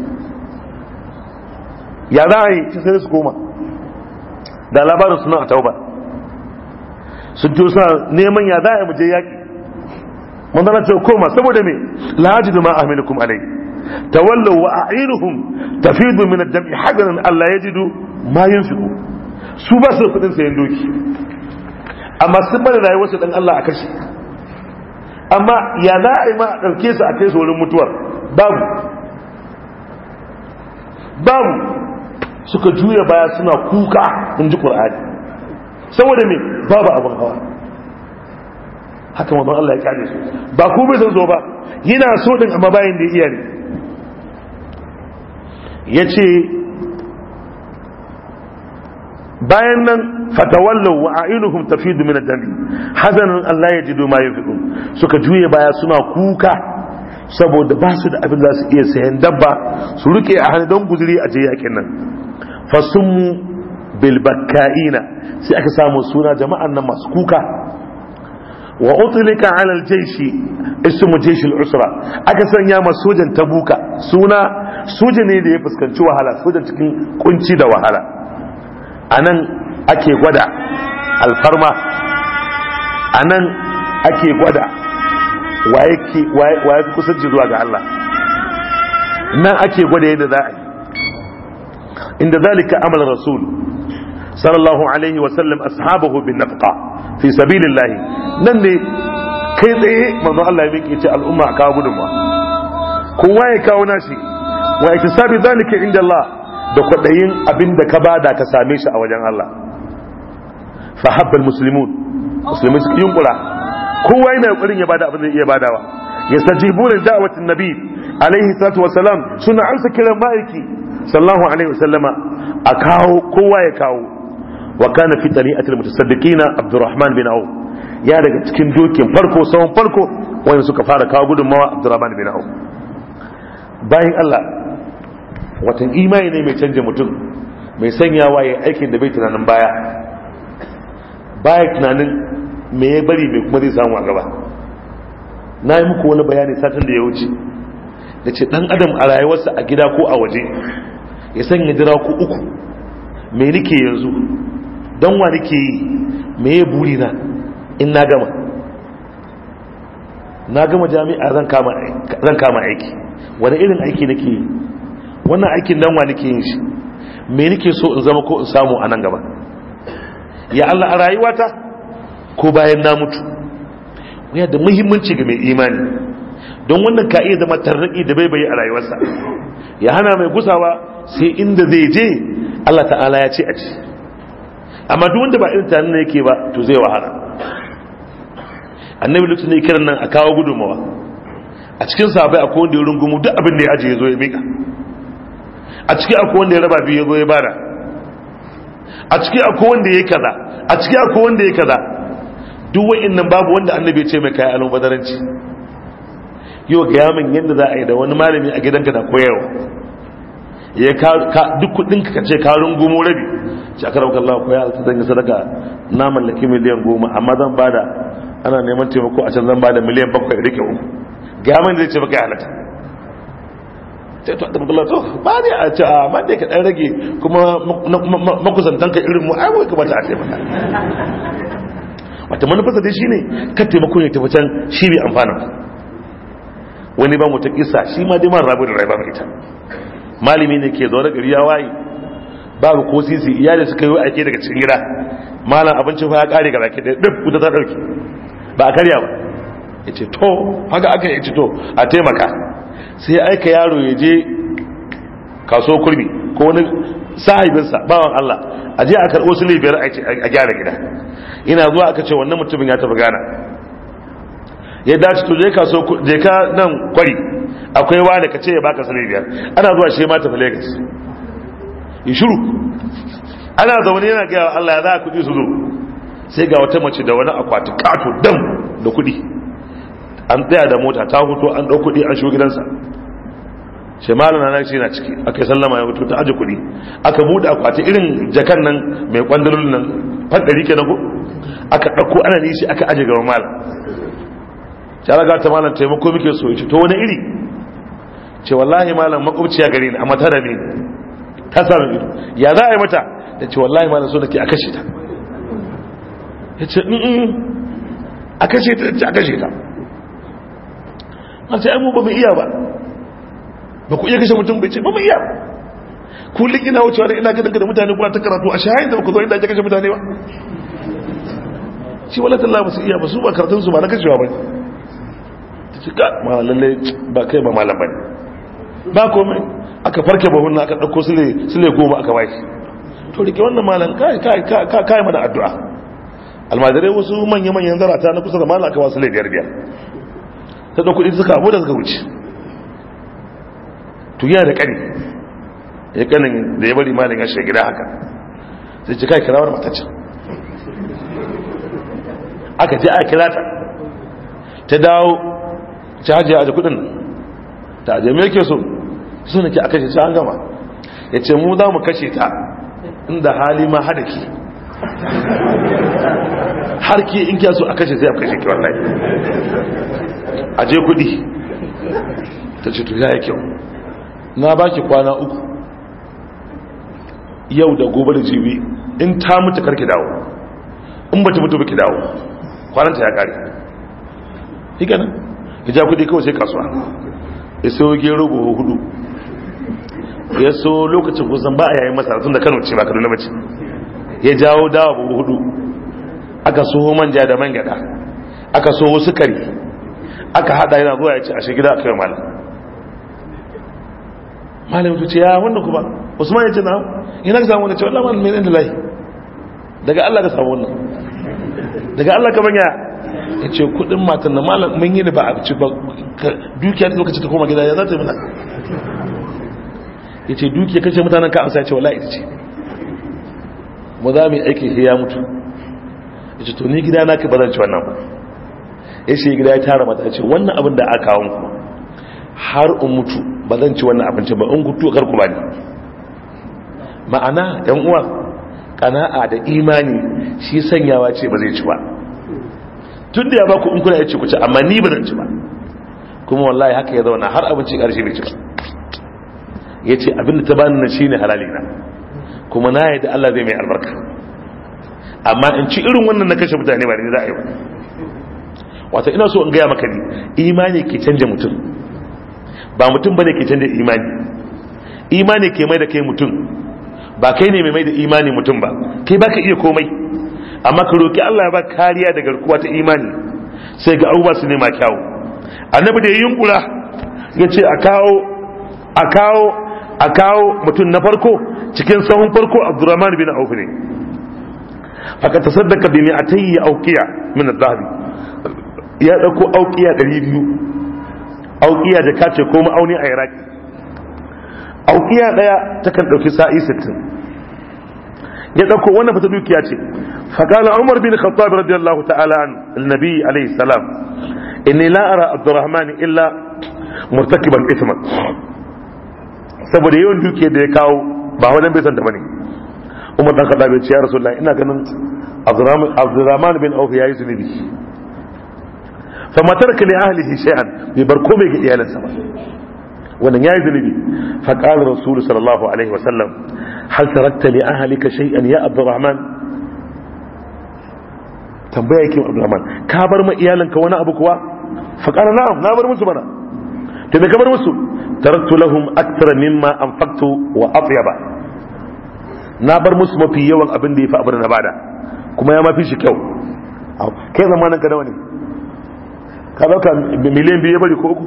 ya za a yi sai su koma da labarin suna a tauba sun to suna neman ya za a yi mu je yaƙi manzo ce koma saboda me la ajidu ma ahmilukum alai tawallu wa a'inuhum tafidu min ad-dam'i hadran Allah yajidu ma yunfiqu su ba su kudin sayan doki amma sun bar rayuwar su dan Allah a kashi amma ya za a yi su a kai su wurin mutuwar babu babu suka juya baya suna kuka in ji qur'ani saboda me babu abin hawa haka mazan Allah ya kyale su ba ku bai zo ba yana so din amma bayan da iya ne yace bayan nan fatawallu wa a'inuhum tafidu min ad-dami hazanan Allah yajidu ma yafiqun suka juye baya suna kuka saboda ba su da abin da su iya sayan dabba su rike a hannun don guzuri a je yakin nan fasummu bilbakka'ina sai aka samu suna jama'an nan masu kuka wa utlika ala aljayshi ismu jaysh al-usra aka sanya ma sojan tabuka suna soja ne da ya fuskanci wahala sojan cikin kunci da wahala anan ake gwada alfarma anan ake gwada waye kusanci zuwa ga Allah nan ake gwada yadda za a yi inda zalika amal rasul sallallahu alaihi wa sallam ashabahu bin nafqa fi sabilillah nan ne kai tsaye manzo ake ya ce al'umma a kawo gudunma kowa ya kawo nashi wa ihtisabi zalika inda Allah da kwadayin abinda ka bada ka same shi a wajen Allah fa habbal muslimun musulmi su yunkura kowa yana yunkurin ya bada abin da iya badawa yastajibu li da'watin nabi alaihi salatu salam suna amsa kiran ma'aiki a kawo kowa ya kawo wa kana fi tariqatil mutasaddiqin Abdurrahman bin Auf ya daga cikin dokin farko sawon farko wanda suka fara kawo gudunmawa Abdurrahman bin Auf bayan Allah watan imani ne mai canje mutum mai sanya waye aikin da bai tunanin baya baya tunanin me ya bari me kuma zai samu a gaba na yi muku wani bayani satin da ya wuce da ce dan adam a rayuwarsa a gida ko a waje ya sanya jira ko uku me nike yanzu don wa nake yi meye buri na in na gama na gama jami'a zan kama aiki wani irin aiki nake yi wannan aikin don wa nake yin shi me nake so in zama ko in samu a nan gaba ya Allah a rayuwata ko bayan na mutu wuya da muhimmanci ga mai imani don wannan ka iya zama tarraki da bai bayi a rayuwarsa ya hana mai gusawa sai inda zai je Allah ta'ala ya ce a ci amma duk wanda ba irin tunanin ne yake ba to zai wahala annabi lokacin ne kiran nan a kawo gudunmawa a cikin sahabai akwai wanda ya rungumu duk abin da ya aje ya zo ya miƙa a cikin akwai wanda ya raba biyu ya zo ya bada a cikin akwai wanda ya kaza a cikin akwai wanda ya kaza duk nan babu wanda annabi ya ce mai kayan almubadaranci yau ga yamin yadda za a yi da wani malami a gidanka da koyarwa ya ka duk kudin ka ce ka rungumo rabi shakarar aka rauka Allah ko ya alta zan yi sadaka na mallaki miliyan goma amma zan bada ana neman taimako a can zan bada miliyan bakwai rike uku ga mai zai ce baka ya halatta sai to adam Allah to ba ne a ce amma dai ka dan rage kuma makusantan ka irin mu ai wai ka bata a taimaka wata manufarsa dai shine ka taimako ne tafi can shi bai amfana wani ba mu ta kisa shi ma dai ma rabu da raiba ita malami ne ke zaune gari ya waye babu ko sisi iyali suka yi ake daga cikin gida malam abincin fa ya kare ga baki ɗaya duk wuta ta dauke ba a karya ba yace to haka aka yi to a taimaka sai aika yaro ya je kaso kurmi ko wani sahibinsa bawan Allah a je a karɓo su biyar a gyara gida ina zuwa aka ce wannan mutumin ya tafi gana ya dace to je kaso je ka nan kwari akwai wani ka ce ya baka su biyar ana zuwa shi ma tafi Lagos In shiru ana zaune yana gaya Allah za a kuɗi su zo sai ga wata mace da wani akwati kato dam da kuɗi an tsaya da mota ta hoto an ɗau kuɗi an shigo gidansa shi malama na ce na ciki aka sallama ya fito ta aji kuɗi aka buɗe akwati irin jakan nan mai kwandalolin nan fadari ke na aka ɗauko ana nishi aka aji gaba malam ta raga ta malam taimako muke so ita to wani iri ce wallahi malam makwabciya gare ni a mata da ni ta samu ido ya za a yi mata da ce wallahi ma na so nake a kashe ta ya ce in mm, mm, a kashe ta ce a kashe ta a ce mu ba mu iya ba ba ku iya kashe mutum bai ce ba mu iya kullum ina wucewa da ina ganin da mutane kuna ta karatu a shahayin da ba ku zo inda ake kashe mutane ba shi wala talla su iya ba su ba karatun su ba na kashewa ba ta ce ka ma lalle ba kai ba malam ba komai aka farke buhun aka ɗauko sule goma aka baki to rike wannan malam kayi mana addu'a almadare wasu manya-manyan zarata na kusa da malam aka ba sule biyar biyar ta ɗauko ɗin suka da suka wuce to yana da ƙari ya ƙanin da ya bari malam ya shiga gida haka sai ci kai kirawar matacin
aka je a kira
ta ta dawo ta hajiya a jikudin ta ajiye me yake so suna ke a kashe su an gama ya ce mu za mu kashe ta inda hali ma hada ke har ke in kya so a kashe sai a kashe ki wallahi a je kudi ta ce ya yi kyau na baki kwana uku yau da gobe da jibi in ta mutu karki dawo in ba ta mutu ba ki dawo kwananta ya kare shi ya ja kudi kawai sai kasuwa ya sayo gero ba hudu ya so lokacin kusan ba a yayin masa tun da kano ce ba kaduna mace ya jawo dawa buhu hudu aka so manja da man aka so wasu kari aka hada yana zuwa ya ce a shi a kai yi malam malam ce ya wanda kuma usman ya ce na yana ka samu wanda ce wallah malam mai da lai daga allah ka samu wannan daga allah ka manya ya ce kudin matan na malam mun yi da ba a ci ba dukiya da ta koma gida ya za ta yi mana ya ce duk ya kashe mutanen ka amsa ya ce wallahi ita ce mu za mu yi aiki sai ya mutu ya ce to ni gida na ka ba zan ci wannan ba ya ce gida ya tara mata ce wannan abin da aka kawo har in mutu ba zan ci wannan abincin ba in gutu karku ku bani ma'ana yan uwa kana'a da imani shi sanyawa ce ba zai ci ba tun da ya baku in kuna ya ce ku ci amma ni ba zan ci ba kuma wallahi haka ya zauna har abinci karshe bai ci ba ya ce abinda ta bani na shi ne halali na kuma na yadda Allah zai mai albarka amma in ci irin wannan na kashe mutane ba ne za a yi ba wata ina so in gaya maka ne imani ke canja mutum ba mutum ba ne ke canja imani imani ke mai da kai mutum ba kai ne mai mai da imani mutum ba kai ba ka iya komai amma ka roƙi Allah ba kariya da garkuwa ta imani sai ga abubuwa su nema kyawu annabi da ya yunkura ya ce a kawo a kawo a kawo mutum na farko cikin sahun farko abdurrahman bin auf ne faka tasaddaka bi mi'atayi auqiya min adh-dhahabi ya dauko auqiya 200 auqiya da kace ko ma'auni a iraki auqiya daya kan dauki sa'i 60 ya dauko wannan fata dukiya ce kana umar bin khattab radiyallahu ta'ala an annabi alayhi salam inni la ara abdurrahman illa murtakiban ithman saboda yawan duke da ya kawo ba wajen bai santa bane umar dan kada bai ce ya rasulullahi ina ganin abdurrahman bin auf yayi zunubi fa matarka li ahlihi shay'an bai bar komai ga iyalansa ba wannan yayi zunubi fa qala rasul sallallahu alaihi wasallam hal tarakta li ahlika shay'an ya abdurrahman tambaya yake abdurrahman ka bar ma iyalanka wani abu kuwa fa qala na'am na bar musu bana ta me gabar musu tarattu lahum aktara mimma anfaqtu wa ba na bar musu mafi yawan abin da fi abin na bada kuma ya mafi shi kyau kai zamanin ka nawa ne ka miliyan biyu ya bari ko uku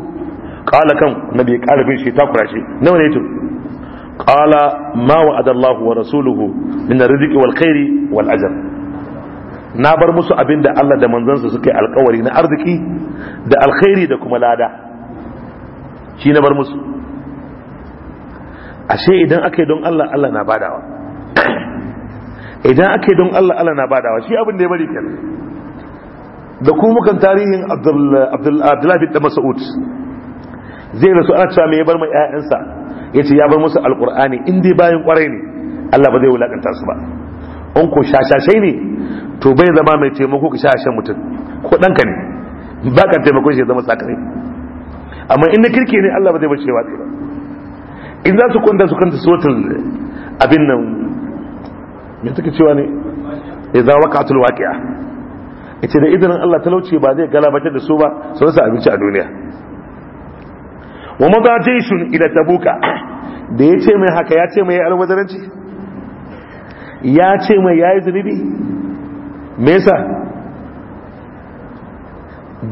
kala kan na bai kala bin shi ta kura shi nawa ne to kala ma wa adallahu wa rasuluhu min ar wal khairi wal ajr na bar musu abin da Allah da manzansa suka yi alkawari na arziki da alkhairi da kuma lada shi na bar musu ashe idan aka yi don Allah Allah na badawa idan aka yi don Allah Allah na badawa shi abin da ya bari kenan da ku mukan tarihin abdullahi da masa'ud zai rasu ana cewa mai ya bar mai ƴaƴansa, ya ce ya bar musu alkur'ani in dai bayan kwarai ne Allah ba zai wulakanta su ba in ko shashashai ne to bai zama mai taimako ka shashen mutum ko ɗanka ne ba ka taimako shi ya zama sakare amma in kirki ne Allah ba zai bace watsi ba in za su kwanta su kanta suratul abin nan me take cewa ne Ya idza waqa'atul waqi'a ita da idan Allah talauci ba zai galabatar da su ba su rasa abinci a duniya wa maza jaysun ila tabuka da ya ce mai haka ya ce mai alwazaranci ya ce mai ya zunubi me yasa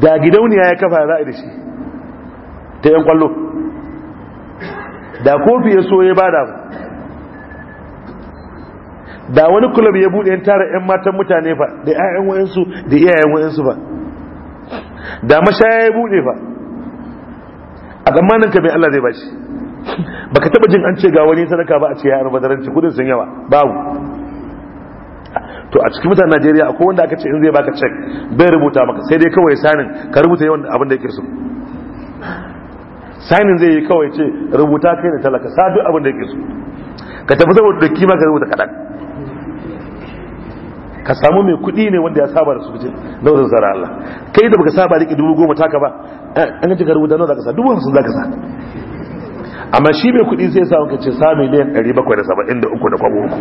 da gidauniya ya kafa za'a da shi ta yan kwallo da kofi ya so ya bada da wani kulab ya bude tara yan matan mutane fa da ƴaƴan wayansu da iyayen wayansu ba, da mashaya ya bude fa a tsammanin ka mai Allah zai bashi baka taba jin an ce ga wani sadaka ba a ce ya almadaranci kudin sun yawa babu to a cikin mutanen Najeriya akwai wanda aka ce in zai baka cek bai rubuta maka sai dai kawai sanin ka rubuta yawan abin da yake so sainin zai yi kawai ce rubuta kai da talaka sa duk abin da yake so ka tafi saboda da kima ka rubuta kaɗan ka samu mai kuɗi ne wanda ya saba da su fice, na wurin tsara Allah kai da baka saba da dubu goma taka ba eh, an ji ka rubuta nawa zaka sa dubu hamsin zaka sa amma shi mai kuɗi zai sa ka ce sa miliyan ɗari bakwai da saba'in da uku da kwabo uku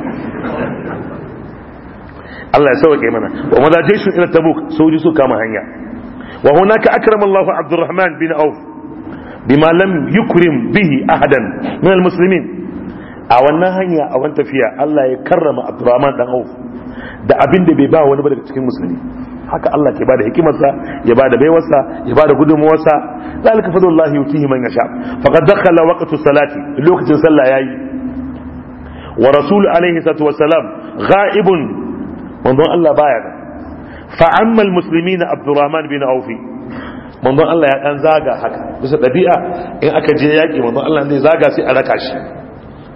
Allah ya sauke mana wa maza madajishu ila tabuk soji su kama hanya wa hunaka akrama Allahu Abdurrahman bin Auf bima lam yukrim bihi ahadan min almuslimin a wannan hanya a wannan tafiya Allah ya karrama Abdurrahman dan Auf da abin da bai ba wani ba daga cikin musulmi haka Allah ke bada hikimarsa ya bada baiwarsa ya bada gudunmuwarsa zalika fadlullahi yutihi man yasha faqad dakhala waqtu salati lokacin sallah yayi wa rasul alaihi salatu wassalam ghaibun manzon Allah baya fa amma almuslimina Abdurrahman bin Auf manzon Allah ya dan zaga haka bisa ɗabi'a in aka je yaki manzon Allah zai zaga sai a raka shi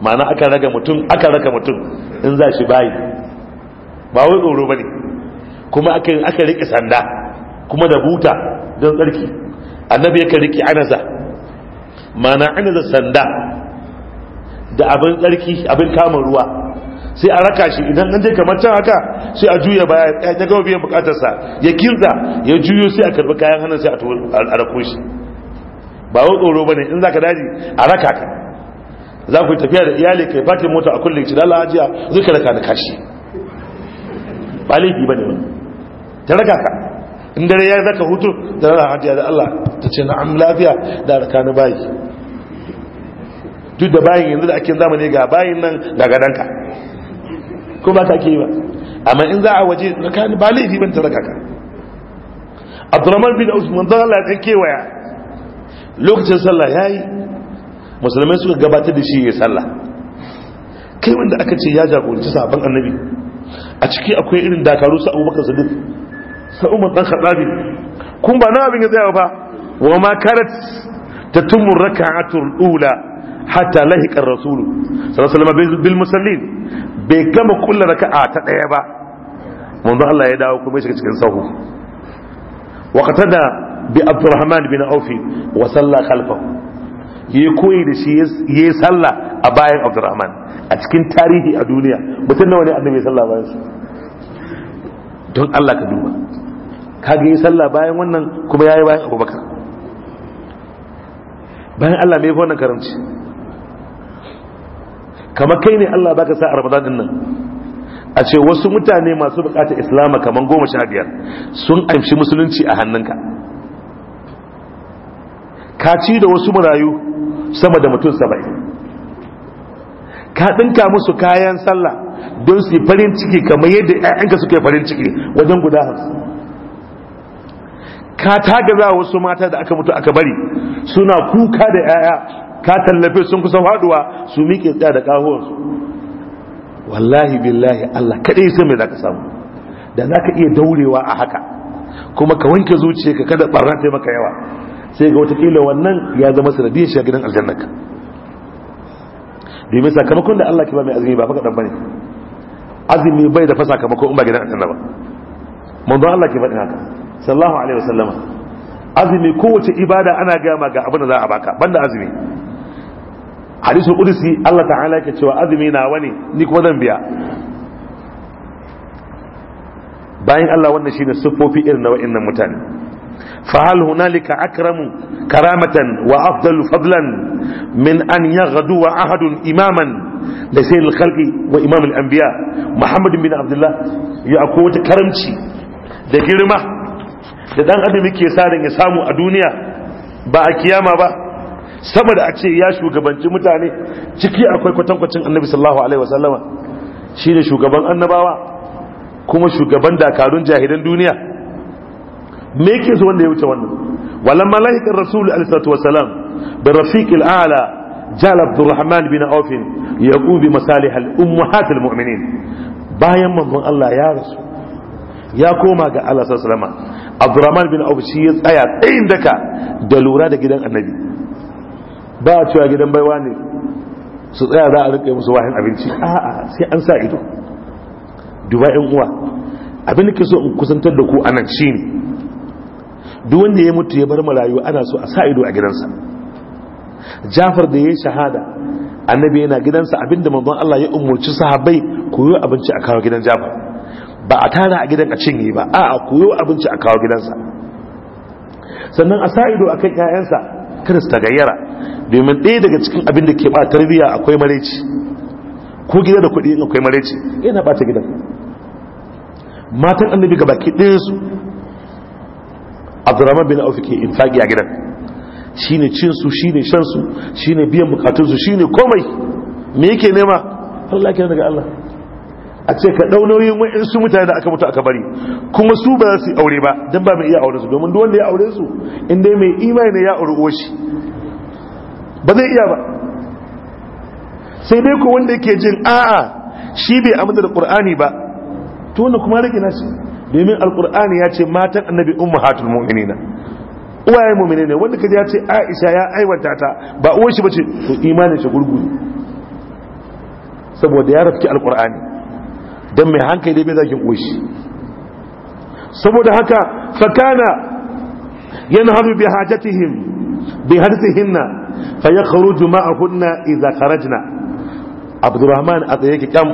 ma'ana aka raga mutum aka raka mutum in za shi bayi ba wai tsoro bane kuma aka aka sanda kuma da buta don tsarki annabi yakan rike anaza ma'ana anaza sanda da abin tsarki abin kama ruwa sai a raka shi idan an je kamar can haka sai a juya baya ya gaba biyan bukatarsa ya kinza ya juyo sai a karbi kayan hannun sai a rako shi ba wa tsoro bane in zaka daji a raka ka za ku tafiya da iyali kai fatin mota a kullum da Allah ajiya zai ka raka da kashi ba laifi bane ba ta raka ka in dare ya zaka hutu da Allah ajiya da Allah ta ce na'am lafiya da raka na bayi duk da bayin yanzu da ake zamani ga bayin nan ga gadanka ko ba ka ke yi ba amma in za a waje tsakani ba laifi ban ta ka abdurrahman bin Usman manzon Allah ya kewaya lokacin sallah yayi musulmai suka gabatar da shi ya sallah kai wanda aka ce ya jagoranci sahabban annabi a ciki akwai irin dakaru su abubakar sadiq sa umar dan khattabi kun ba na abin ya tsaya ba wa ma karat raka'atul ula hatta lahiqar rasulu sallallahu alaihi bil musallin bai gama kulla raka'a ta daya ba manzo Allah ya dawo kuma shiga cikin sahu waqtada bi abdurrahman bin aufi wa salla khalfahu yi koyi da shi ya sallah a bayan abdurrahman a cikin tarihi a duniya mutum nawa ne annabi sallah bayan su don Allah ka duba kaga yi sallah bayan wannan kuma yayi bayan abubakar bayan Allah mai fa wannan karamci kama kai ne Allah baka sa a Ramadan din nan a ce wasu mutane masu bukata islama kaman goma sha biyar sun amshi musulunci a hannunka ka ci da wasu marayu sama da mutum saba'in ka ɗinka musu kayan sallah don su farin ciki kamar yadda 'ya'yanka suke farin ciki wajen guda hamsin ka tagaza wasu mata da aka mutu aka bari suna kuka da 'ya'ya ka tallafe sun kusan faduwa su miƙe tsaya da kahuwansu wallahi billahi Allah kaɗai sai mai za ka samu da za ka iya daurewa a haka kuma ka wanke zuciya ka kada barna ta maka yawa sai ga watakila wannan ya zama sanadiyar shi a gidan aljannaka domin sakamakon da Allah ke ba mai azumi ba fa kaɗan bane azumi bai da fasa sakamakon in ba gidan aljanna ba don Allah ke faɗin haka sallallahu alaihi wasallama azumi kowace ibada ana gama ga abin da za a baka banda azumi hadisul qudsi Allah ta'ala yake cewa azumi na wani ni kuma zan biya bayan Allah wannan shine siffofi irin na wa'annan mutane fa hal hunalika akramu karamatan wa afdalu fadlan min an yaghdu wa ahadun imaman da sai alkhalqi wa imam al-anbiya muhammad bin abdullah ya akwai wata karamci da girma da dan adam yake sa ya samu a duniya ba a kiyama ba saboda a ce ya shugabanci mutane ciki akwai kwatankwacin annabi sallallahu alaihi wasallama shine shugaban annabawa kuma shugaban dakarun jahilan duniya me yake so wanda ya wuce wannan walan malaikan rasul alaihi salatu wasalam bi rafiqil a'la jala abdurrahman bin auf yaqubi masalih al ummahat al mu'minin bayan manzon Allah ya rasu ya koma ga Allah sallallahu alaihi wasallama abdurrahman bin auf shi ya tsaya tsayin daka da lura da gidan annabi ba a cewa gidan baiwa ne su tsaya za a rike musu wahin abinci a'a sai an sa ido duba yan uwa abin da ke so in kusantar da ku nan shi ne duk wanda ya mutu ya bar marayu ana so a sa ido a gidansa jafar da ya yi shahada annabi yana gidansa abinda manzon Allah ya umurci sahabbai yi abinci a kawo gidan jafar ba a tara a gidan a cinye ba a'a yi abinci a kawo gidansa sannan a sa ido akan 'ya'yansa Karas ta gayyara domin ɗaya daga cikin abin da ke ba tarbiyya akwai mareci ko gida da kuɗi akwai mareci yana ɓata gidan matan annabi gaba ki ɗinsu abdurrahman bin auf ke infaki a gidan shine cin su shine shan su shine biyan bukatunsu su shine komai me yake nema Allah ke daga Allah a ce ka ɗau nauyin su mutane da aka mutu aka bari kuma su ba su aure ba don ba mai iya aure su domin duk wanda ya aure su in dai mai imani ne ya aure uwar shi ba zai iya ba sai dai ko wanda yake jin a'a shi bai amince da qur'ani ba to wanda kuma rage nashi domin alqur'ani ya ce matan annabi ummahatul mu'minina uwaye muminina ne wanda kaje ya ce aisha ya aiwata ta ba uwar shi bace to imanin shi saboda ya rafki alqur'ani don mai hankali mai zagin ƙoshi saboda haka fakana yana haru bi hajatihim bi hajatihinna fa ya kharuju ma'ahunna idza abdurrahman a tsaye ki kyam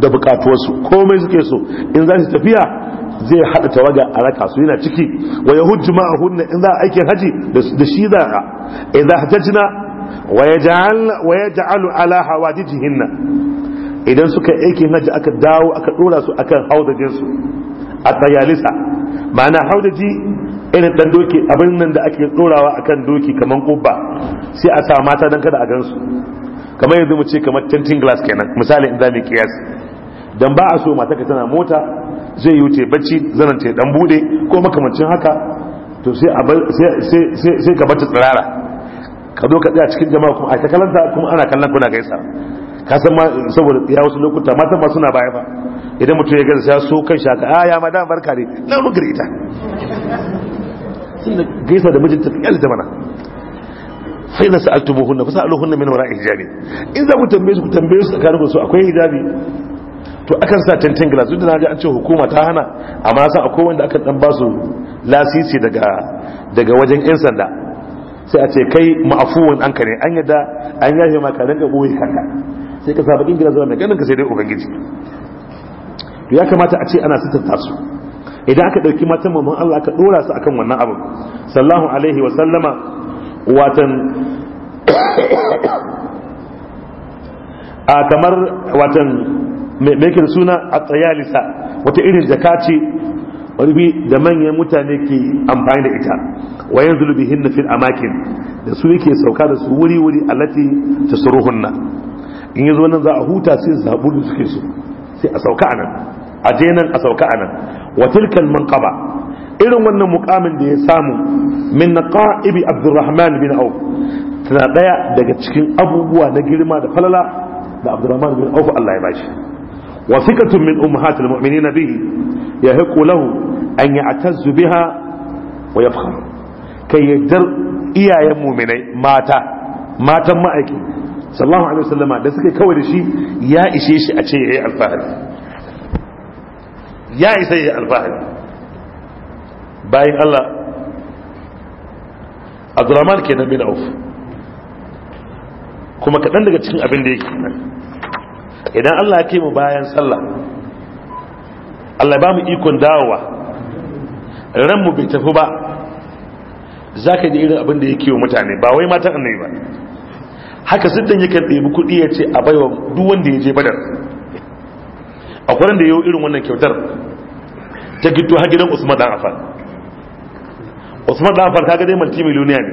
da bukatuwarsu komai suke so in za su tafiya zai haɗa tawaga a raka su yana ciki wa ya hujji a in za a aikin haji da shi za a idan hajjajina wa ya ja'alu ala hawa jijihinna idan suka aikin hajji aka dawo aka dora su akan haudajinsu a tsayalisa ma'ana haudaji irin dan doki abin nan da ake dorawa akan doki kaman kubba sai a sa mata dan kada a gansu kamar yanzu mu ce kamar tintin glass kenan misali in zamu kiyas dan ba a so mata ka tana mota zai yi wuce bacci zanan ta dan bude ko makamancin haka to sai a sai sai sai ka bata tsirara ka zo ka tsaya cikin jama'a kuma a ta kalanta kuma ana kallon kuna gaisa ka san ma saboda ya wasu lokuta mata ma suna baya ba idan mutum ya gaza ya so kan shaka a ah, ya madan barka ne na rugar ita sun gaisa da mijinta ya da mana fa idan sa'altumuhunna fas'aluhunna wara a hijabi in za ku tambaye su ku tambaye su tsakanin su akwai hijabi to akan sa tantan glass duk da na ji an ce hukuma ta hana amma sa akwai wanda akan dan basu lasisi daga daga wajen yan sanda sai a ce kai ma'afuwan an ne, an yadda an yaje maka, ka rinka boye kanka sai ka sabakin gida zama mai ganin sai dai ubangiji to ya kamata a ce ana sitarta su idan aka ɗauki matan mamman Allah aka dora su akan wannan abu Sallahu alaihi wa sallama watan a kamar watan mekin suna a tsayalisa wata irin jaka ce wani da manyan mutane ke amfani da ita wa yanzu lubihin na amakin da su yake sauka da su wuri-wuri alati ta suruhunna in zo nan za a huta sai zabu da suke so sai a sauka anan a je nan a sauka anan wa tilkal manqaba irin wannan mukamin da ya samu min naqa'ib abdurrahman bin auf tana daya daga cikin abubuwa na girma da falala da abdurrahman bin auf Allah ya bashi wa fikatun min ummahatil mu'minin bihi yahiqu lahu an ya'tazzu biha wa yafkhar kai yaddar iyayen mu'minai mata matan ma'aiki sallallahu alaihi wasallama da suka kawai da shi ya ishe shi a ce yayi alfahari ya isa yayi alfahari bayan Allah Abdurrahman kenan bin Auf kuma kaɗan daga cikin abin da yake idan Allah ya kai mu bayan sallah Allah ba mu ikon dawowa ran mu bai tafi ba za ka ji irin abin da yake wa mutane ba wai matan annabi ba haka siddan yakan ɗebi kuɗi ya ce a baiwa duk wanda ya je badar a kwanan da ya yi irin wannan kyautar ta gito ha gidan usman dan afar usman dan ta kaga dai multi miliyoniya ne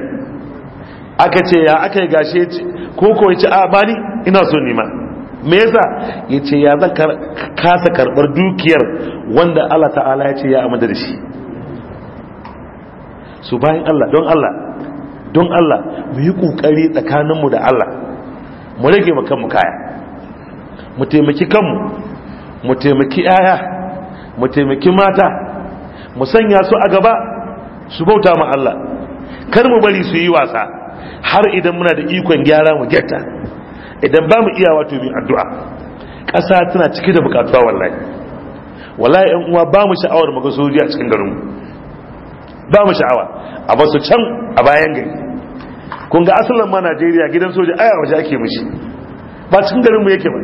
aka ce ya aka yi gashe ko ko ya ce a bani ina so nima me yasa ya ce ya zan kasa karɓar dukiyar wanda allah ta'ala ya ce ya amince da shi su bayan allah don allah don Allah mu yi kokari tsakaninmu da Allah mu rage mu kanmu kaya mu taimaki kanmu mu taimaki yaya mu taimaki mata mu sanya su a gaba su bauta ma Allah kar mu bari su yi wasa har idan muna da ikon gyara mu gyarta idan ba mu iya wato addu'a ƙasa tana cike da bukatuwa wallahi wallahi yan uwa ba mu sha'awar mu ga sojoji a cikin garinmu ba mu sha'awa a basu can a bayan gari kun ga asalin ma najeriya gidan soja aya waje ake mishi ba cikin garin mu yake ba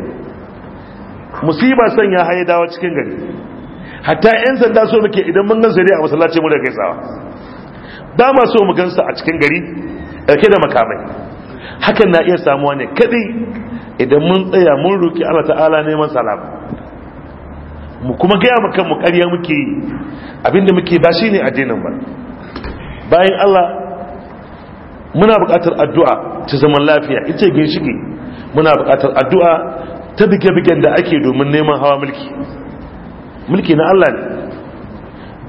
musiba san ya haye dawo cikin gari hatta yan sanda so muke idan mun dai a masallaci mu da tsawa, ba ma so mu gansa a cikin gari ɗauke da makamai hakan na iya samuwa ne kadai idan mun tsaya mun roki Allah ta'ala neman salama mu kuma gaya mu kanmu ƙarya muke yi abinda muke ba shi ne addinin ba bayan Allah muna buƙatar addu'a ta zaman lafiya ita shige, muna buƙatar addu'a ta bige-bigen da ake domin neman hawa mulki mulki na Allah ne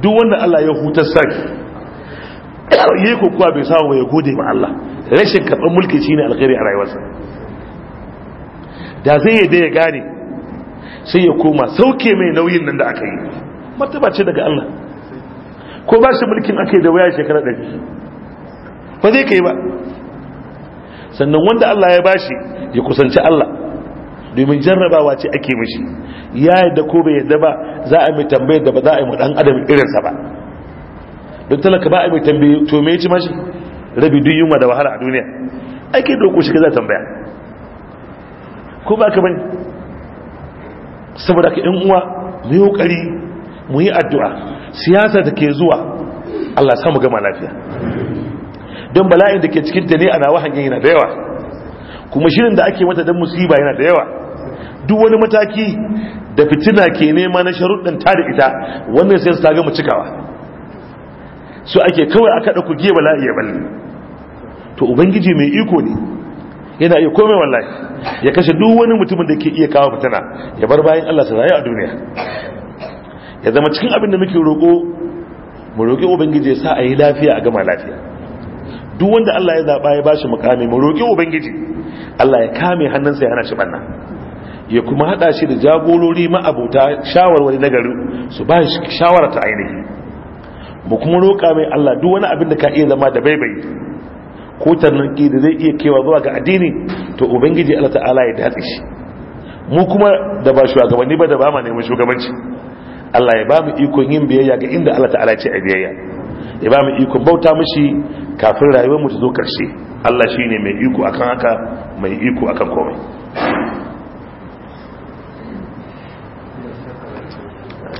duk wanda Allah ya hutar saki ya yi kokowa bai wa ya gode ma Allah rashin karɓar mulki shine alkhairi a rayuwarsa da zai yi da ya gane sai ya koma sauke mai nauyin nan da aka yi martaba ce daga Allah ko ba shi mulkin aka da waya shekara ɗari ba zai kai ba sannan wanda Allah ya bashi ya kusanci Allah domin jarrabawa ce ake mishi ya yadda ko bai yadda ba za a mai tambayar da ba za a yi mu adam irinsa ba don talaka ba a mai tambaye to me ci mashi rabi duk yunwa da wahala a duniya ake doko shi ka za tambaya ko ba ka bani. saboda ka ɗin uwa mu yi ƙoƙari mu yi addu'a siyasa da ke zuwa Allah samu gama lafiya don bala'in da ke cikin ta ne a nawa hanyar yana da yawa kuma shirin da ake mata don musiba yana da yawa duk wani mataki da fitina ke nema na sharuɗin ta da ita wannan sai su ta gama cikawa su ake kawai aka ɗauku giye bala'i ya balle to ubangiji mai iko ne yana iya komai wallahi ya kashe duk wani mutumin da ke iya kawo fitana ya bar bayan Allah su rayu a duniya ya zama cikin abin da muke roƙo mu roƙi ubangiji ya sa a yi lafiya a gama lafiya duk wanda Allah ya zaɓa ya bashi mukami mu roƙi ubangiji Allah ya kame hannunsa ya hana shi banna ya kuma haɗa shi da jagorori ma'abuta shawarwari na gari su ba shi shawara ta ainihi mu kuma roƙa mai Allah duk wani abin da ka iya zama da baibai ko tarnaki da zai iya kewa zuwa ga addini to ubangiji Allah ta'ala ya dace shi mu kuma da ba shugabanni ba da ba ma neman shugabanci Allah ya ba mu ikon yin biyayya ga inda Allah ta'ala ce a biyayya ya ba mu ikon bauta mishi kafin rayuwar mu ta zo karshe Allah shine mai iko akan haka mai iko akan komai